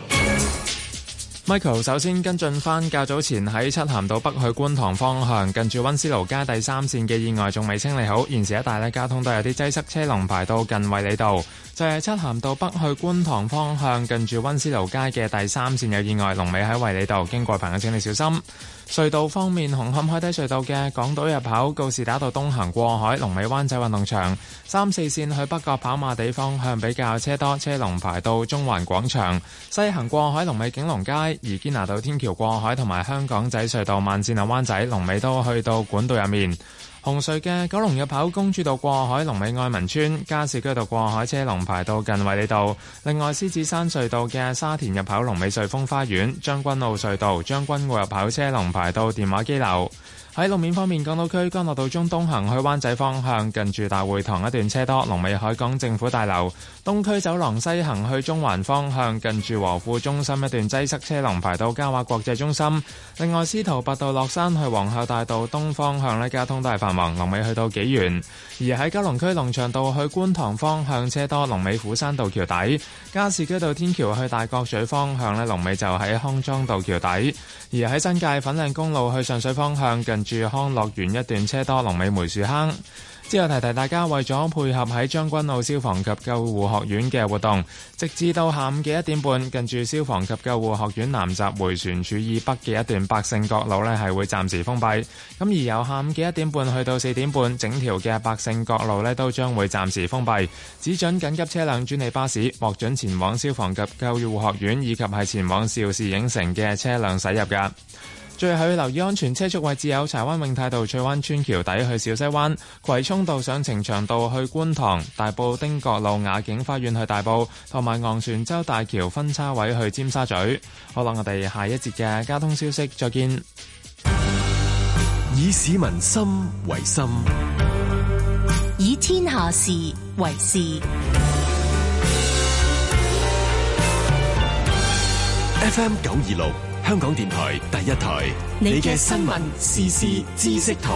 S1: Michael 首先跟進返較早前喺漆咸道北去觀塘方向近住溫斯勞街第三線嘅意外仲未清理好，現時一帶呢交通都有啲擠塞，車龍排到近衛理道。就係、是、漆咸道北去觀塘方向近住溫斯勞街嘅第三線有意外，龍尾喺衛理道，經過朋友請你小心。隧道方面，紅磡海底隧道嘅港島入口告士打道東行過海，龍尾灣仔運動場三四線去北角跑馬地方向比較車多，車龍排到中環廣場；西行過海，龍尾景隆街，而堅拿道天橋過海同埋香港仔隧道慢線入灣仔龍尾都去到管道入面。紅隧嘅九龍入口公主道過海，龍尾愛民村；加士居道過海車龍排到近衛理道。另外，獅子山隧道嘅沙田入口龍尾瑞峰花園；將軍澳隧道將軍澳入口車龍排到電話機樓。喺路面方面，港島區干諾道中東行去灣仔方向，近住大會堂一段車多，龍尾海港政府大樓；東區走廊西行去中環方向，近住和富中心一段擠塞車，車龍排到嘉華國際中心。另外，司徒拔道落山去皇后大道東方向呢交通都係繁忙，龍尾去到紀元。而喺九龍區龍翔道去觀塘方向車多，龍尾虎山道橋底；加士居道天橋去大角咀方向呢龍尾就喺康莊道橋底。而喺新界粉嶺公路去上水方向近住康樂園一段車多，龍尾梅樹坑。之後提提大家，為咗配合喺將軍澳消防及救護學院嘅活動，直至到下午嘅一點半，近住消防及救護學院南閘回旋處以北嘅一段百勝角路呢係會暫時封閉。咁而由下午嘅一點半去到四點半，整條嘅百勝角路呢都將會暫時封閉，只准緊急車輛、專利巴士獲准前往消防及救護學院以及係前往邵氏影城嘅車輛駛入噶。最後要留意安全車速位置，有柴灣永泰道翠灣村橋底去小西灣、葵涌道上呈祥道去觀塘、大埔汀角路雅景花園去大埔，同埋昂船洲大橋分叉位去尖沙咀。好啦，我哋下一節嘅交通消息再見。以市民心為心，
S2: 以天下事為事。
S1: F M 九二六。香港電台第一台，你嘅新聞時事知識台，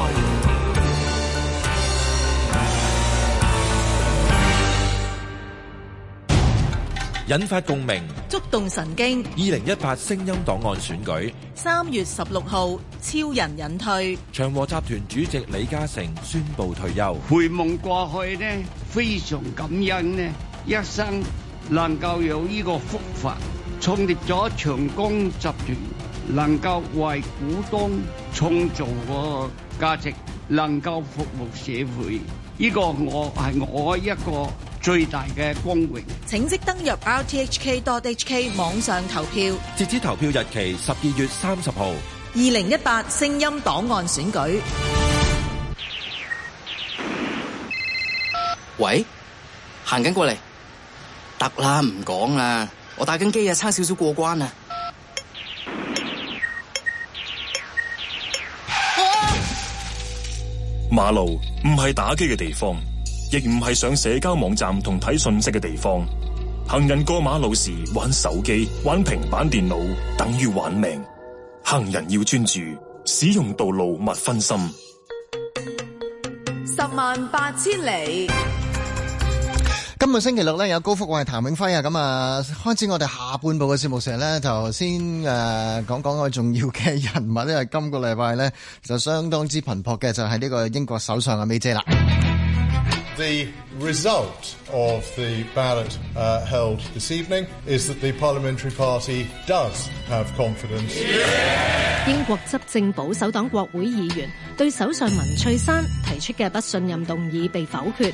S1: 引發共鳴，
S4: 觸動神經。
S1: 二零一八聲音檔案選舉，
S4: 三月十六號，超人隱退。
S1: 長和集團主席李嘉誠宣布退休。回望過去呢，非常感恩呢，一
S3: 生能夠有呢個福份。創立咗長江集團，能夠為股東創造個價值，能夠
S1: 服務社會，呢個我係我一個最大嘅光榮。
S4: 請即登入 rthk.hk 網上投票，
S1: 截止投票日期十二月三十號。
S4: 二零一八聲音檔案選舉。
S8: 喂，行緊過嚟，得啦，唔講啦。我打緊機啊，差少少過關啊！
S1: 馬路唔係打機嘅地方，亦唔係上社交網站同睇信息嘅地方。行人過馬路時玩手機、玩平板電腦，等於玩命。行人要專注，使用道路勿分心。
S8: 十萬八千里。
S3: 今日星期六咧，有高福，我係譚永輝啊，咁啊開始我哋下半部嘅節目成咧，就先誒，講講個重要嘅人物，因為今個禮拜咧，就相當之頻撲嘅就係呢個英國首相阿 May 姐啦。
S6: The result of the ballot held this evening is that the parliamentary party does have confidence. Yeah！
S2: 英國執政保守黨國會議員對首相文翠珊提出嘅不信任動議被否決。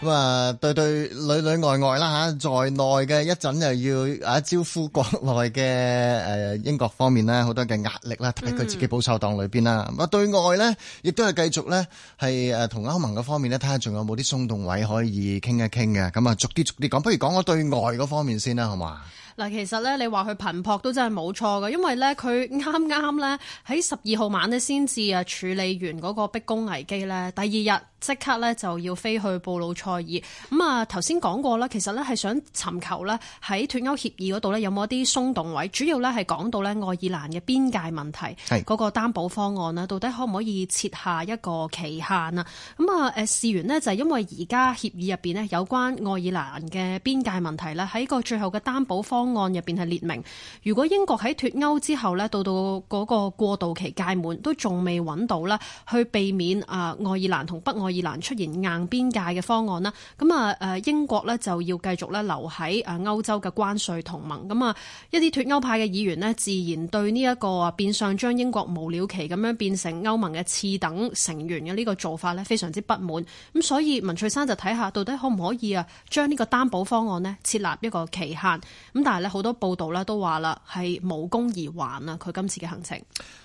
S3: 咁啊，對，對對裏裏外外啦吓，在內嘅一陣又要啊招呼國內嘅誒英國方面啦，好多嘅壓力啦，特別佢自己保守黨裏邊啦。咁、嗯、啊，對外咧亦都係繼續咧係誒同歐盟嗰方面咧，睇下仲有冇啲鬆動位可以傾一傾嘅。咁啊，逐啲逐啲講，不如講我對外嗰方面先啦，好嘛？
S7: 嗱，其實咧，你話佢頻撲都真係冇錯㗎，因為咧，佢啱啱咧喺十二號晚呢先至啊處理完嗰個逼宮危機咧，第二日即刻咧就要飛去布魯塞爾。咁啊，頭先講過啦，其實咧係想尋求咧喺脱歐協議嗰度咧有冇一啲鬆動位，主要咧係講到咧愛爾蘭嘅邊界問題，嗰、那個擔保方案啦，到底可唔可以設下一個期限啊？咁啊，誒事源呢就係因為而家協議入面呢，有關愛爾蘭嘅邊界問題咧，喺個最後嘅擔保方案入邊係列明，如果英國喺脱歐之後呢，到到嗰個過渡期屆滿，都仲未揾到咧，去避免啊，愛爾蘭同北愛爾蘭出現硬邊界嘅方案啦。咁啊，誒，英國呢就要繼續呢留喺誒歐洲嘅關稅同盟。咁啊，一啲脱歐派嘅議員呢，自然對呢一個變相將英國無了期咁樣變成歐盟嘅次等成員嘅呢個做法呢，非常之不滿。咁所以文翠珊就睇下到底可唔可以啊，將呢個擔保方案呢設立一個期限。咁但好多報道咧都話啦，係無功而還啊！佢今次嘅行程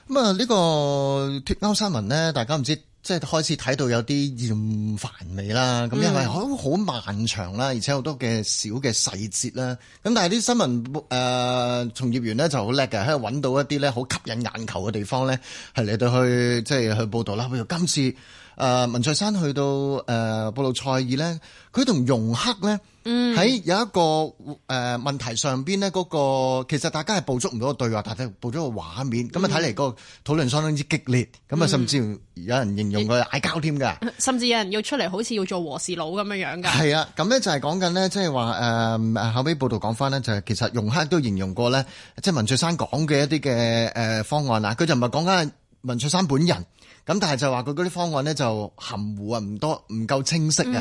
S3: 咁啊，呢、嗯呢個脫歐新聞咧，大家唔知即係開始睇到有啲厭煩味啦。咁因為好好漫長啦，而且好多嘅小嘅細節啦。咁但係啲新聞誒、呃、從業員咧就好叻嘅，喺度揾到一啲咧好吸引眼球嘅地方咧，係嚟到去即係去報道啦。譬如今次。誒、呃、文翠珊去到誒、呃、布魯塞爾呢，佢同容克咧喺有一個誒、呃、問題上邊、那、呢、個，嗰個其實大家係捕捉唔到個對話，但係捕捉個畫面，咁啊睇嚟個討論相當之激烈，咁、嗯、啊甚至有人形容佢嗌交添㗎，
S7: 甚至有人要出嚟好似要做和事佬咁樣的、嗯、佬樣
S3: 㗎。係啊，咁呢就係講緊呢，即係話誒後尾報道講返呢，就係、是、其實容克都形容過呢，即、就、係、是、文翠珊講嘅一啲嘅誒方案啊，佢就唔係講緊文翠珊本人。咁但係就話佢嗰啲方案咧就含糊啊，唔多唔夠清晰啊。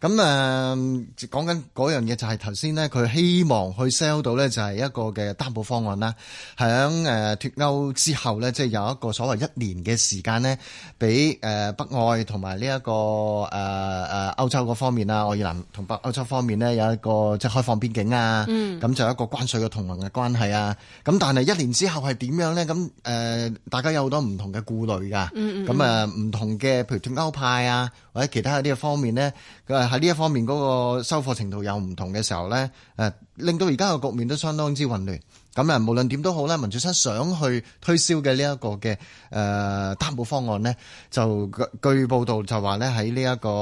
S3: 咁、嗯、誒，講緊嗰樣嘢就係頭先咧，佢希望去 sell 到咧就係一個嘅擔保方案啦。響誒脫歐之後咧，即係有一個所謂一年嘅時間咧，俾誒北愛同埋呢一個誒誒歐洲嗰方面啦，愛爾蘭同北歐洲方面咧有一個即係開放邊境啊。咁、嗯、就有一個關稅嘅同盟嘅關係啊。咁但係一年之後係點樣咧？咁誒，大家有好多唔同嘅顧慮噶。咁、嗯、啊、嗯，唔、嗯嗯、同嘅，譬如脫歐派啊，或者其他呢一方面咧，佢喺呢一方面嗰個收貨程度有唔同嘅時候咧，誒令到而家個局面都相當之混亂。咁啊，無論點都好咧，民主黨想去推銷嘅呢一個嘅誒、呃、擔保方案咧，就據報道就話咧喺呢一個誒、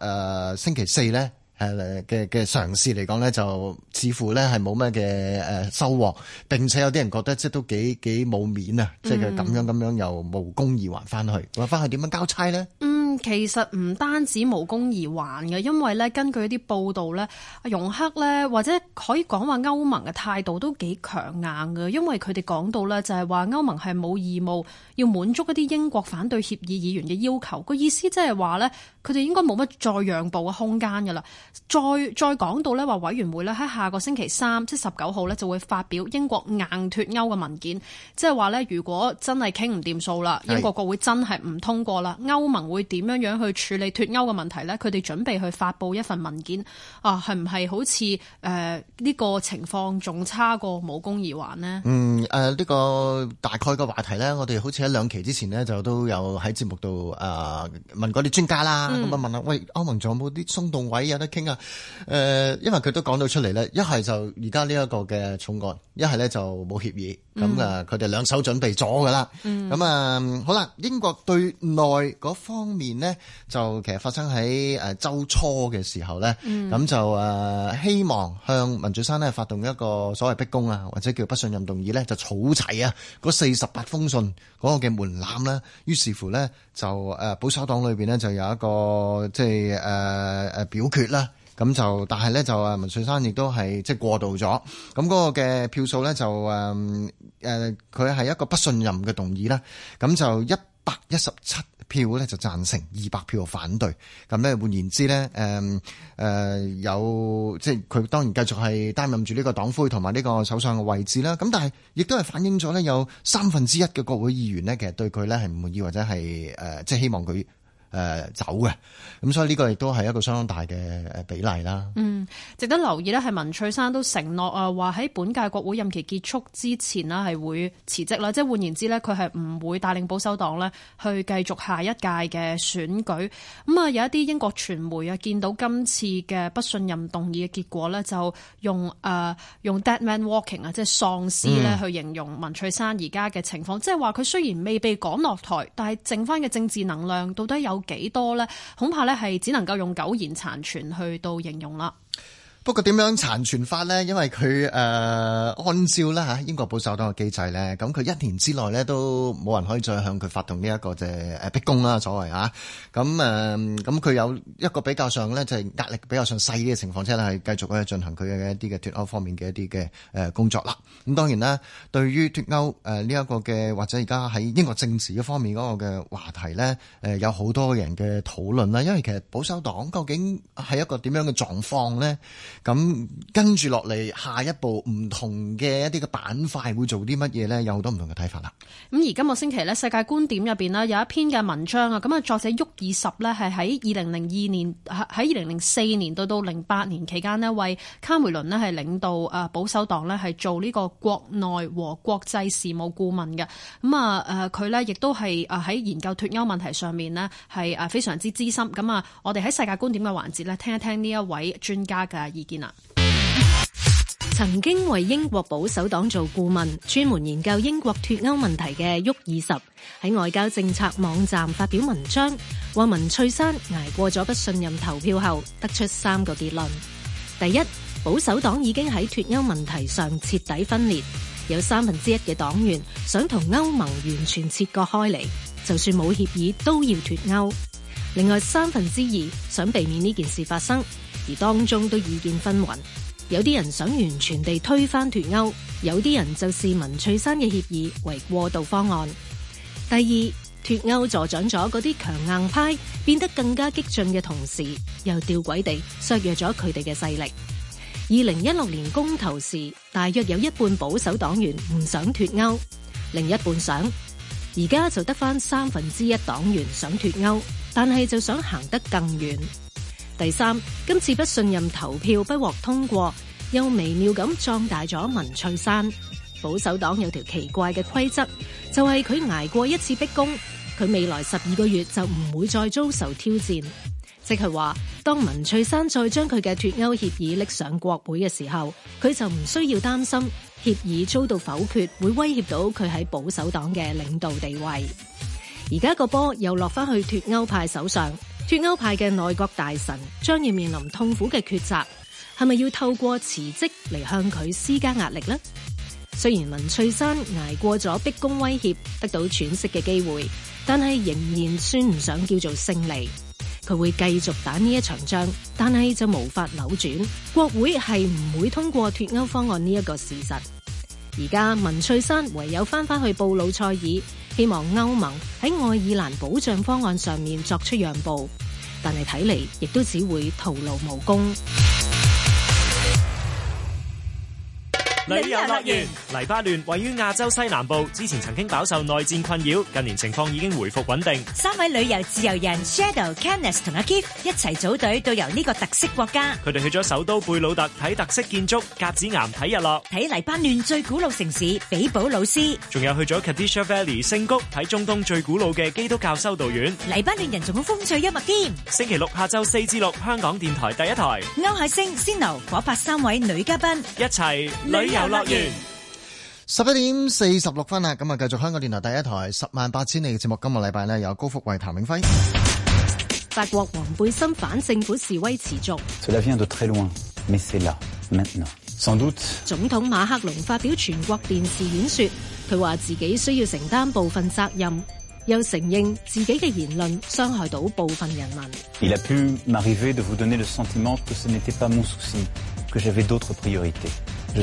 S3: 呃、星期四咧。誒嘅嘅嘗試嚟講呢，就似乎呢係冇咩嘅誒收穫，並且有啲人覺得即係都幾幾冇面啊、嗯！即係佢咁樣咁樣又無功而還翻去，話翻去點樣交差呢？
S7: 嗯，其實唔單止無功而還嘅，因為呢根據啲報道呢，阿容克呢，或者可以講話歐盟嘅態度都幾強硬㗎，因為佢哋講到呢就係話歐盟係冇義務要滿足一啲英國反對協議議員嘅要求，個意思即係話呢。佢哋應該冇乜再讓步嘅空間㗎啦，再再講到咧話委員會咧喺下個星期三即係十九號咧就會發表英國硬脱歐嘅文件，即係話咧如果真係傾唔掂數啦，英國國會真係唔通過啦，歐盟會點樣樣去處理脱歐嘅問題咧？佢哋準備去發布一份文件啊，係唔係好似誒呢個情況仲差過無功而還呢？嗯誒，
S3: 呢、呃呢個大概個話題咧，我哋好似喺兩期之前呢，就都有喺節目度誒、呃、問過啲專家啦。咁啊問下，喂，歐盟仲有冇啲鬆動位有得傾啊？誒、呃，因為佢都講到出嚟咧，一係就而家呢一個嘅重案，一係咧就冇協議。咁、嗯、啊，佢哋兩手準備咗噶啦。咁、嗯、啊、嗯，好啦，英國對內嗰方面呢，就其實發生喺周初嘅時候咧，咁就誒希望向文翠珊咧發動一個所謂逼宮啊，或者叫不信任動議咧，就儲齊啊嗰四十八封信嗰個嘅門檻啦。於是乎咧。就誒保守黨裏邊咧就有一個即係誒誒表決啦，咁就但係咧就誒文翠珊亦都係即係過渡咗，咁嗰個嘅票數咧就誒誒佢係一個不信任嘅動議啦，咁就一百一十七。票咧就贊成，二百票反對，咁咧換言之咧，誒、呃、誒、呃、有即係佢當然繼續係擔任住呢個黨魁同埋呢個首相嘅位置啦，咁但係亦都係反映咗咧有三分之一嘅國會議員呢，其實對佢咧係唔滿意或者係誒、呃、即係希望佢。誒，走嘅，咁所以呢個亦都係一個相當大嘅誒比例啦。
S7: 嗯，值得留意呢係文翠珊都承諾啊，話喺本屆國會任期結束之前啦，係會辭職啦。即係換言之呢，佢係唔會帶領保守黨呢去繼續下一屆嘅選舉。咁、嗯、啊，有一啲英國傳媒啊，見到今次嘅不信任動議嘅結果呢，就用誒、呃、用 dead man walking 啊，即係喪屍呢去形容文翠珊而家嘅情況。即係話佢雖然未被趕落台，但係剩翻嘅政治能量到底有？有幾多咧？恐怕咧係只能夠用苟延殘喘去到形容啦。
S3: 不過點樣殘存法呢？因為佢誒、呃、按照咧英國保守黨嘅機制咧，咁佢一年之內咧都冇人可以再向佢發動呢一個即係逼宮啦，所謂啊。咁誒咁佢有一個比較上咧，就係、是、壓力比較上細嘅情況之下，即、就、係、是、繼續去進行佢嘅一啲嘅脫歐方面嘅一啲嘅誒工作啦。咁當然啦，對於脫歐誒呢一個嘅或者而家喺英國政治方面嗰個嘅話題咧，有好多人嘅討論啦。因為其實保守黨究竟係一個點樣嘅狀況咧？咁跟住落嚟，下一步唔同嘅一啲嘅板塊會做啲乜嘢咧？有好多唔同嘅睇法啦。
S7: 咁而今個星期咧，世界觀點入邊啦，有一篇嘅文章啊。咁啊，作者沃爾什咧，係喺二零零二年喺二零零四年到到零八年期間咧，為卡梅倫咧係領導啊保守黨咧係做呢個國內和國際事務顧問嘅。咁啊，誒，佢咧亦都係啊喺研究脫歐問題上面咧係啊非常之資深。咁啊，我哋喺世界觀點嘅環節咧，聽一聽呢一位專家嘅意見。
S2: 曾經為英國保守黨做顧問，專門研究英國脫歐問題嘅沃爾什喺外交政策網站發表文章，話文翠珊挨過咗不信任投票後，得出三個結論：第一，保守黨已經喺脫歐問題上徹底分裂，有三分之一嘅黨員想同歐盟完全切割開嚟，就算冇協議都要脫歐；另外三分之二想避免呢件事發生。而當中都意見分娩，有啲人想完全地推返躍歐，有啲人就視民翠山嘅協議為過渡方案。第二，躍歐作戰咗嗰啲強硬派變得更加激進嘅同時，又吊軌地竊約咗佢哋嘅勵力2016年攻投時，大約有一半保守黨員唔想躍歐，另一半想。而家就得返三分之一黨員想躍歐，但係就想行得更遠。第三，今次不信任投票不獲通過，又微妙咁壯大咗文翠珊保守黨。有條奇怪嘅規則，就係佢挨過一次逼宮，佢未來十二個月就唔會再遭受挑戰，即係話當文翠珊再將佢嘅脫歐協議拎上國會嘅時候，佢就唔需要擔心協議遭到否決會威脅到佢喺保守黨嘅領導地位。而家個波又落翻去脫歐派手上。脫歐派嘅內閣大臣將要面臨痛苦嘅抉擇，係咪要透過辭職嚟向佢施加壓力呢？雖然文翠珊捱過咗逼宮威脅，得到喘息嘅機會，但係仍然算唔上叫做勝利。佢會繼續打呢一場仗，但係就無法扭轉，國會係唔會通過脫歐方案呢一個事實。而家文翠珊唯有翻返去布魯塞爾。希望歐盟喺愛爾蘭保障方案上面作出讓步，但係睇嚟，亦都只會徒勞無功。
S1: 旅遊樂園，黎巴嫩位於亞洲西南部，之前曾經飽受內戰困擾，近年情況已經回復穩定。
S2: 三位旅遊自由人 Shadow, Kenneth 同阿 Keith，一齊組隊到遊呢個特色國家。
S1: 佢哋去咗首都貝魯特睇特色建築、甲子岩睇日落、睇黎巴嫩最古老城市比布魯斯，仲有去咗 Kadisha Valley 聖谷，睇中東最古老嘅基督教修道院。黎巴嫩人仲好風趣幽默添。星期六下晝四至六，香港電台第一台
S2: 歐海星、Sino、火花三位女嘉賓
S1: 一齊旅遊。
S3: 遊樂園，十一點四十六分啦。咁啊，繼續香港電台第一台十萬八千里嘅節目。今個禮拜呢，有高福慧、譚永輝。
S1: 法國黃
S2: 背心反政府示威持續。總統馬克龍發表全國電視演說，佢話自己需要承擔部分責任，又承認自己嘅言論傷害到部分人
S1: 民。去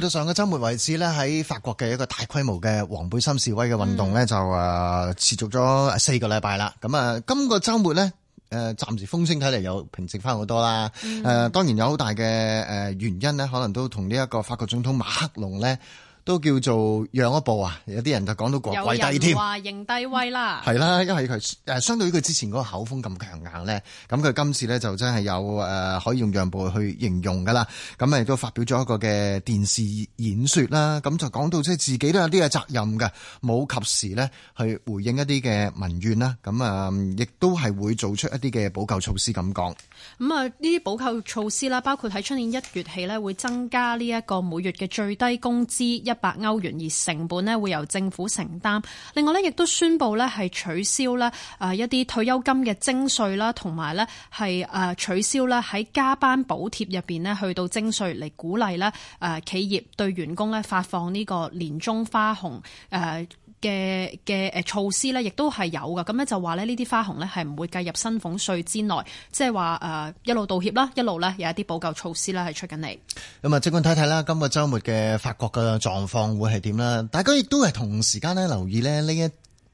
S1: 到
S3: 上個周末為止呢，喺法國嘅一個大規模嘅黃背心示威嘅運動呢，嗯、就啊、呃、持續咗四個禮拜啦。咁啊、呃，今個周末呢，誒、呃，暫時風聲睇嚟，又平靜翻好多啦。誒、嗯呃，當然有好大嘅誒、呃、原因呢，可能都同呢一個法國總統馬克龍呢。都叫做讓一步啊！有啲人就講到個跪低添，有人
S7: 話認低位啦，
S3: 係啦，因為佢相對於佢之前嗰個口風咁強硬咧，咁佢今次咧就真係有誒、呃、可以用讓步去形容噶啦。咁亦都發表咗一個嘅電視演說啦。咁就講到即係自己都有呢個責任嘅，冇及時咧去回應一啲嘅民怨啦。咁啊，亦都係會做出一啲嘅補救措施咁講。
S7: 咁啊，呢啲補救措施啦，包括喺出年一月起咧會增加呢一個每月嘅最低工資，一百歐元而成本咧會由政府承擔，另外咧亦都宣布咧係取消啦誒一啲退休金嘅徵稅啦，同埋咧係誒取消啦喺加班補貼入邊呢去到徵稅嚟鼓勵咧誒企業對員工咧發放呢個年終花紅誒。呃嘅嘅誒措施咧，亦都係有㗎。咁咧就話咧，呢啲花紅咧係唔會計入薪俸稅之內，即係話誒一路道歉啦，一路咧有一啲補救措施咧係出緊嚟。
S3: 咁啊，即管睇睇啦，今個週末嘅法國嘅狀況會係點啦？大家亦都係同時間咧留意咧呢一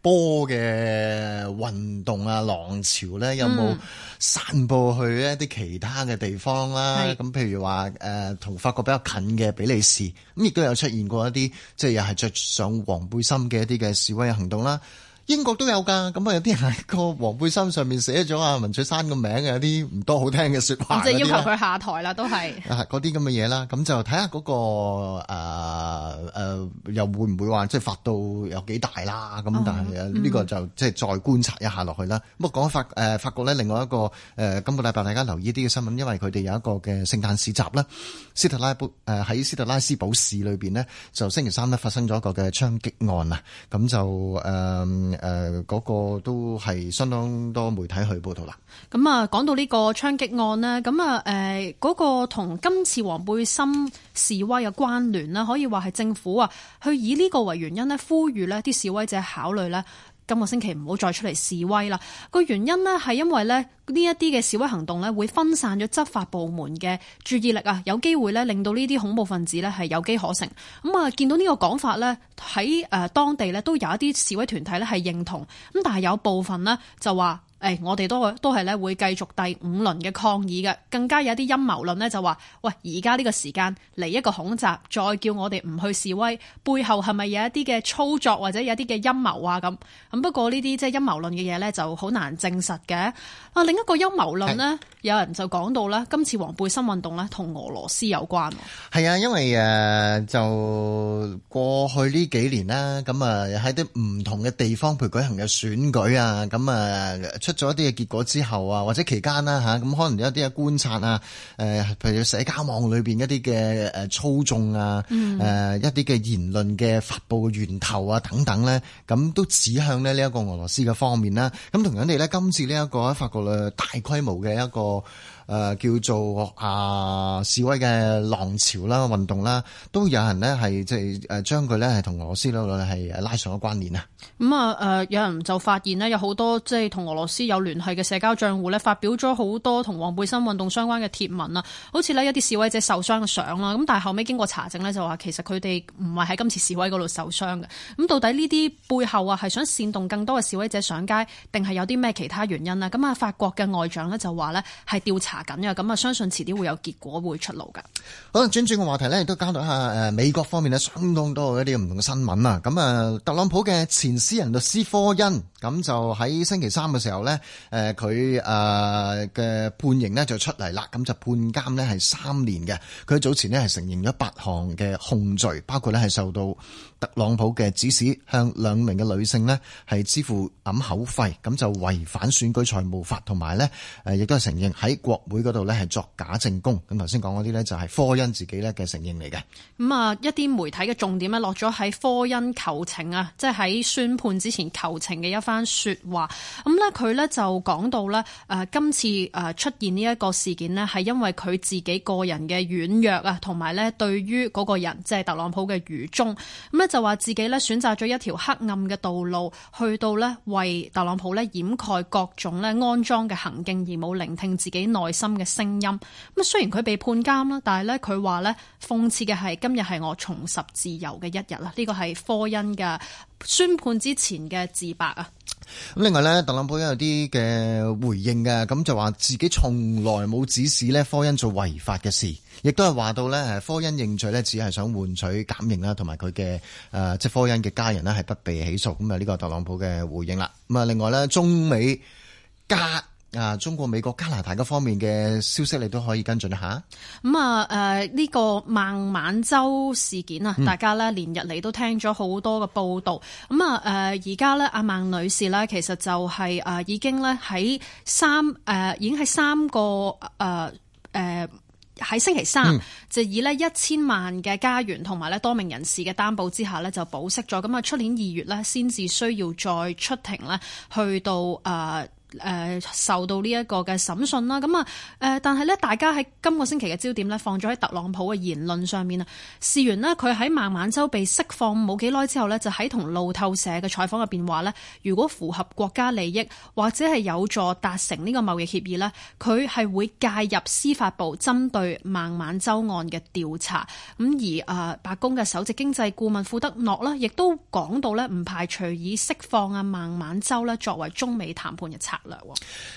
S3: 波嘅運動啊浪潮咧，有冇散佈去一啲其他嘅地方啦？咁、嗯、譬如話誒，同、呃、法國比較近嘅比利時，咁亦都有出現過一啲，即係又係着上黃背心嘅一啲嘅示威行動啦。英國都有噶，咁啊有啲人喺個黃背心上面寫咗啊文翠珊個名嘅，有啲唔多好聽嘅説話。就要求佢
S7: 下台啦，都
S3: 係嗰啲咁嘅嘢啦。咁就睇下嗰個誒、呃呃、又會唔會話即係發到有幾大啦？咁、嗯、但係呢個就即係再觀察一下落去啦。咁啊講法、呃、法國呢，另外一個誒、呃、今個禮拜大家留意啲嘅新聞，因為佢哋有一個嘅聖誕市集啦。斯特拉布喺、呃、斯特拉斯堡市裏邊呢，就星期三咧發生咗一個嘅槍擊案啊。咁就誒。呃誒、呃，嗰、那個都係相當多媒體去報道
S7: 啦。咁啊，講到呢個槍擊案呢，咁啊，誒，嗰個同今次黃背心示威嘅關聯咧，可以話係政府啊，去以呢個為原因呢，呼籲呢啲示威者考慮呢。今個星期唔好再出嚟示威啦。個原因呢係因為咧呢一啲嘅示威行動咧，會分散咗執法部門嘅注意力啊，有機會咧令到呢啲恐怖分子咧係有機可乘。咁啊，見到呢個講法咧喺誒當地咧都有一啲示威團體咧係認同，咁但係有部分呢就話。誒、哎，我哋都係都係咧，會繼續第五輪嘅抗議嘅，更加有一啲陰謀論呢，就話喂，而家呢個時間嚟一個恐襲，再叫我哋唔去示威，背後係咪有一啲嘅操作或者有一啲嘅陰謀啊？咁咁不過呢啲即係陰謀論嘅嘢呢，就好難證實嘅。啊，另一個陰謀論呢，有人就講到呢今次黃背心運動呢，同俄羅斯有關。
S3: 係啊，因為誒，就過去呢幾年啦，咁啊，喺啲唔同嘅地方佢舉行嘅選舉啊，咁啊。出咗一啲嘅結果之後啊，或者期間啦嚇，咁可能有一啲嘅觀察啊，誒，譬如社交網裏邊一啲嘅誒操縱啊，誒、嗯呃、一啲嘅言論嘅發布嘅源頭啊等等咧，咁都指向咧呢一個俄羅斯嘅方面啦。咁同樣地咧，今次呢一個喺法國嘅大規模嘅一個。誒、呃、叫做啊、呃、示威嘅浪潮啦、運動啦，都有人呢係即係誒、呃、將佢呢係同俄羅斯呢佢係拉上咗關聯啊！咁
S7: 啊誒有人就發現呢，有好多即係同俄羅斯有聯繫嘅社交帳戶呢，發表咗好多同黃背心運動相關嘅帖文啊。好似呢，一啲示威者受傷嘅相啦，咁但係後尾經過查證呢，就話其實佢哋唔係喺今次示威嗰度受傷嘅。咁到底呢啲背後啊係想煽動更多嘅示威者上街，定係有啲咩其他原因啊？咁、嗯、啊法國嘅外長呢，就話呢係調查緊咁啊，相信遲啲會有結果，會出爐㗎。好，
S3: 轉轉個話題呢，亦都交代下誒，美國方面呢，相當多嘅一啲唔同嘅新聞啊。咁啊，特朗普嘅前私人律師科恩，咁就喺星期三嘅時候呢，誒，佢誒嘅判刑呢就出嚟啦。咁就判監呢係三年嘅。佢早前呢係承認咗八項嘅控罪，包括呢係受到特朗普嘅指使向兩名嘅女性呢係支付掩口費，咁就違反選舉財務法，同埋呢誒，亦都係承認喺國會嗰度咧係作假證供，咁頭先講嗰啲咧就係科恩自己咧嘅承認嚟嘅。咁、
S7: 嗯、啊，一啲媒體嘅重點咧落咗喺科恩求情啊，即係喺宣判之前求情嘅一番說話，咁咧佢咧就講到咧，誒、呃、今次誒出現呢一個事件咧，係因為佢自己個人嘅軟弱啊，同埋咧對於嗰個人即係、就是、特朗普嘅愚忠。咁、嗯、咧就話自己咧選擇咗一條黑暗嘅道路，去到咧為特朗普咧掩蓋各種咧安裝嘅行徑而冇聆聽自己內心。心嘅聲音咁，雖然佢被判監啦，但係咧佢話咧諷刺嘅係今日係我重拾自由嘅一日啦。呢個係科恩嘅宣判之前嘅自白啊。
S3: 咁另外咧，特朗普有啲嘅回應嘅，咁就話自己從來冇指使咧科恩做違法嘅事，亦都係話到咧，係科恩認罪咧，只係想換取減刑啦，同埋佢嘅，誒即係科恩嘅家人呢，係不被起訴。咁啊呢個特朗普嘅回應啦。咁啊另外咧，中美加。啊！中國、美國、加拿大嘅方面嘅消息，你都可以跟進一下。咁、
S7: 嗯、啊，誒、呃、呢、這個孟晚舟事件啊，大家咧連日嚟都聽咗好多嘅報道。咁、嗯、啊，誒而家咧阿孟女士咧，其實就係誒已經咧喺三誒，已經係三、呃、三個誒誒喺星期三、嗯、就以呢一千萬嘅加元同埋咧多名人士嘅擔保之下咧就保釋咗。咁啊，出年二月咧先至需要再出庭咧去到誒。呃誒受到呢一個嘅審訊啦，咁啊誒，但係呢，大家喺今個星期嘅焦點呢，放咗喺特朗普嘅言論上面啊。事源呢，佢喺孟晚舟被釋放冇幾耐之後呢，就喺同路透社嘅採訪入邊話呢，如果符合國家利益或者係有助達成呢個貿易協議呢，佢係會介入司法部針對孟晚舟案嘅調查。咁而誒、呃，白宮嘅首席經濟顧問庫德諾呢，亦都講到呢，唔排除以釋放阿孟晚舟咧作為中美談判嘅策。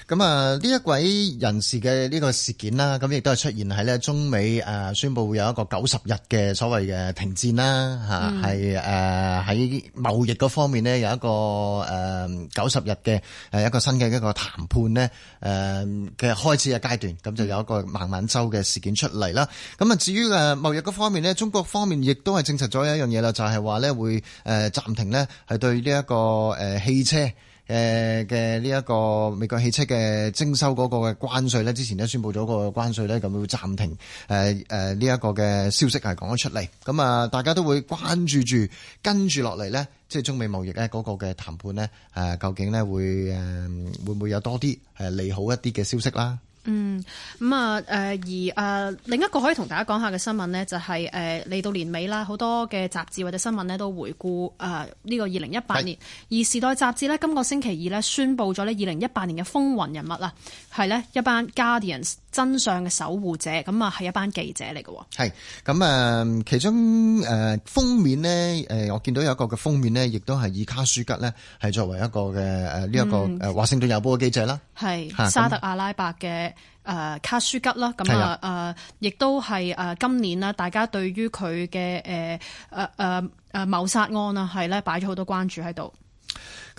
S3: 咁啊，呢一位人士嘅呢個事件啦，咁亦都係出現喺咧中美誒宣布會有一個九十日嘅所謂嘅停戰啦，吓係誒喺貿易嗰方面咧有一個誒九十日嘅誒一個新嘅一個談判咧誒嘅開始嘅階段，咁就有一個孟晚舟嘅事件出嚟啦。咁啊至於誒貿易嗰方面咧，中國方面亦都係證實咗有一樣嘢啦，就係話咧會誒暫停咧係對呢一個誒汽車。誒嘅呢一個美國汽車嘅徵收嗰個嘅關稅咧，之前咧宣布咗個關稅咧，咁會暫停。誒誒呢一個嘅消息係講咗出嚟，咁啊大家都會關注住，跟住落嚟咧，即係中美貿易咧嗰個嘅談判咧，誒究竟咧會誒會唔會有多啲誒利好一啲嘅消息啦？
S7: 嗯，咁、嗯、啊，誒、呃，而誒、呃，另一個可以同大家講下嘅新聞呢、就是，就係誒嚟到年尾啦，好多嘅雜誌或者新聞呢都回顧誒呢個二零一八年。而《時代》雜誌呢，今個星期二呢，宣布咗呢二零一八年嘅風雲人物啦，係呢一班 Guardians。真相嘅守護者咁啊，係一班記者嚟嘅。
S3: 係咁啊，其中誒、呃、封面呢，我見到有一個嘅封面呢，亦都係以卡舒吉呢，係作為一個嘅呢一個誒、嗯啊、華盛頓郵報嘅記者啦。
S6: 係沙
S3: 特
S7: 阿拉伯嘅誒、呃、卡舒吉啦，咁啊亦都係誒今年啦，大家對於佢嘅誒誒誒誒謀殺案啊，係咧擺咗好多關注喺度。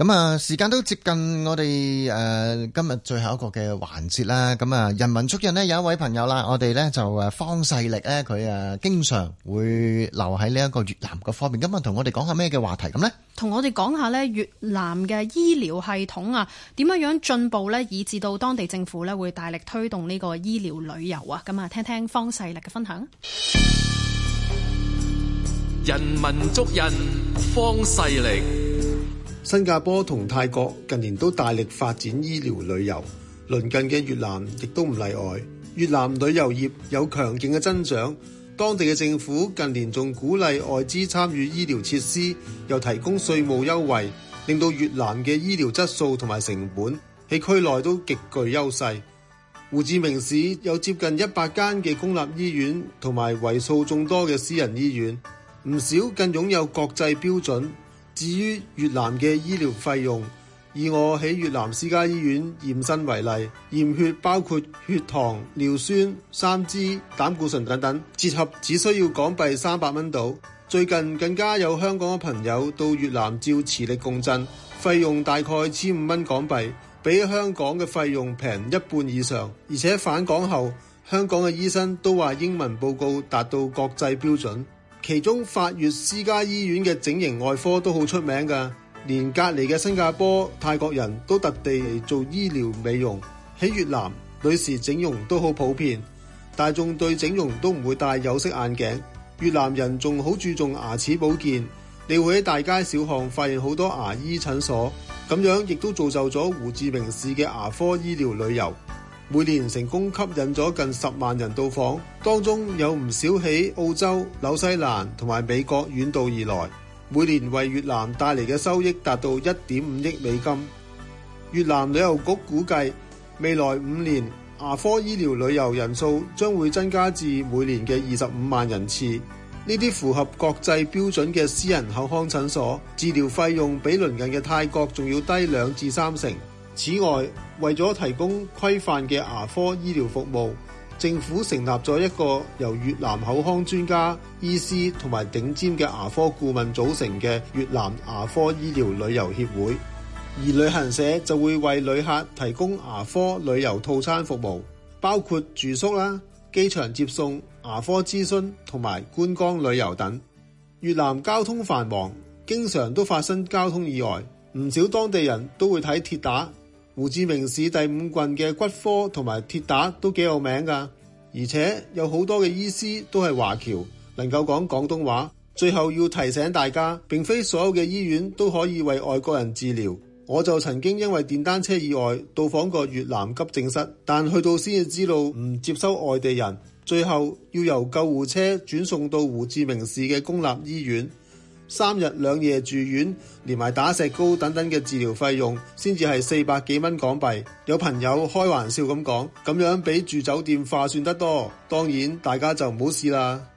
S3: 咁啊，時間都接近我哋誒今日最後一個嘅環節啦。咁啊，人民足印呢，有一位朋友啦，我哋呢就誒方世力呢，佢誒經常會留喺呢一個越南嘅方面。咁啊，同我哋講下咩嘅話題咁呢，
S7: 同我哋講下呢越南嘅醫療系統啊，點樣樣進步呢？以致到當地政府呢，會大力推動呢個醫療旅遊啊。咁啊，聽聽方世力嘅分享。
S1: 人民足印，方世力。
S6: 新加坡同泰國近年都大力發展醫療旅遊，鄰近嘅越南亦都唔例外。越南旅遊業有強勁嘅增長，當地嘅政府近年仲鼓勵外資參與醫療設施，又提供稅務優惠，令到越南嘅醫療質素同埋成本喺區內都極具優勢。胡志明市有接近一百間嘅公立醫院同埋為數眾多嘅私人醫院，唔少更擁有國際標準。至於越南嘅醫療費用，以我喺越南私家醫院驗身為例，驗血包括血糖、尿酸、三脂、膽固醇等等，折合只需要港幣三百蚊到。最近更加有香港嘅朋友到越南照磁力共振，費用大概千五蚊港幣，比香港嘅費用平一半以上，而且返港後，香港嘅醫生都話英文報告達到國際標準。其中法越私家醫院嘅整形外科都好出名㗎，連隔籬嘅新加坡、泰國人都特地嚟做醫療美容。喺越南，女士整容都好普遍，大眾對整容都唔會戴有色眼鏡。越南人仲好注重牙齒保健，你會喺大街小巷發現好多牙醫診所，咁樣亦都造就咗胡志明市嘅牙科醫療旅遊。每年成功吸引咗近十萬人到訪，當中有唔少喺澳洲、紐西蘭同埋美國遠道而來，每年為越南帶嚟嘅收益達到一點五億美金。越南旅遊局估計未來五年牙科醫療旅遊人數將會增加至每年嘅二十五萬人次。呢啲符合國際標準嘅私人口腔診所，治療費用比鄰近嘅泰國仲要低兩至三成。此外，為咗提供規範嘅牙科醫療服務，政府成立咗一個由越南口腔專家醫師同埋頂尖嘅牙科顧問組成嘅越南牙科醫療旅遊協會，而旅行社就會為旅客提供牙科旅遊套餐服務，包括住宿啦、機場接送、牙科諮詢同埋觀光旅遊等。越南交通繁忙，經常都發生交通意外，唔少當地人都會睇跌打。胡志明市第五郡嘅骨科同埋鐵打都幾有名噶，而且有好多嘅醫師都係華僑，能夠講廣東話。最後要提醒大家，並非所有嘅醫院都可以為外國人治療。我就曾經因為電單車意外到訪過越南急症室，但去到先至知道唔接收外地人，最後要由救護車轉送到胡志明市嘅公立醫院。三日兩夜住院，連埋打石膏等等嘅治療費用，先至係四百幾蚊港幣。有朋友開玩笑咁講，咁樣比住酒店划算得多。當然，大家就唔好試啦。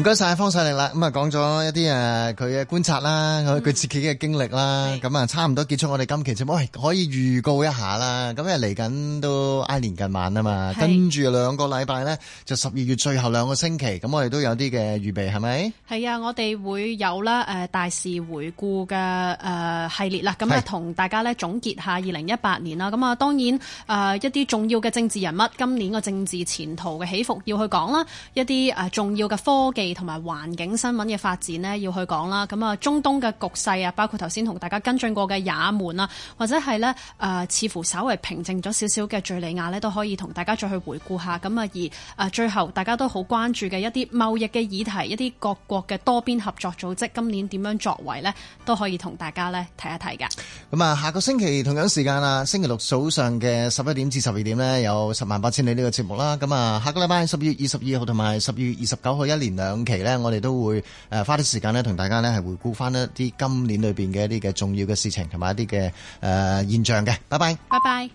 S3: 唔該晒方世力啦，咁啊講咗一啲誒佢嘅觀察啦，佢、嗯、佢自己嘅經歷啦，咁啊差唔多結束我哋今期節目，可以預告一下啦。咁啊嚟緊都挨年近晚啊嘛，跟住兩個禮拜咧就十二月最後兩個星期，咁我哋都有啲嘅預備，係咪？
S7: 係啊，我哋會有啦大事回顧嘅誒系列啦，咁啊同大家咧總結下二零一八年啦。咁啊當然誒、呃、一啲重要嘅政治人物今年個政治前途嘅起伏要去講啦，一啲重要嘅科技。同埋環境新聞嘅發展呢，要去講啦。咁啊，中東嘅局勢啊，包括頭先同大家跟進過嘅也門啊，或者係呢，誒、呃，似乎稍微平靜咗少少嘅敍利亞呢，都可以同大家再去回顧下。咁啊，而誒最後大家都好關注嘅一啲貿易嘅議題，一啲各國嘅多邊合作組織今年點樣作為呢，都可以同大家呢睇一睇㗎。
S3: 咁啊，下個星期同樣時間啊，星期六早上嘅十一點至十二點呢，有十萬八千里呢個節目啦。咁啊，下個禮拜十二月二十二號同埋十二月二十九號一連兩。近期咧，我哋都會誒花啲時間咧，同大家咧係回顧翻一啲今年裏邊嘅一啲嘅重要嘅事情，同埋一啲嘅誒現象嘅。拜拜，
S7: 拜拜。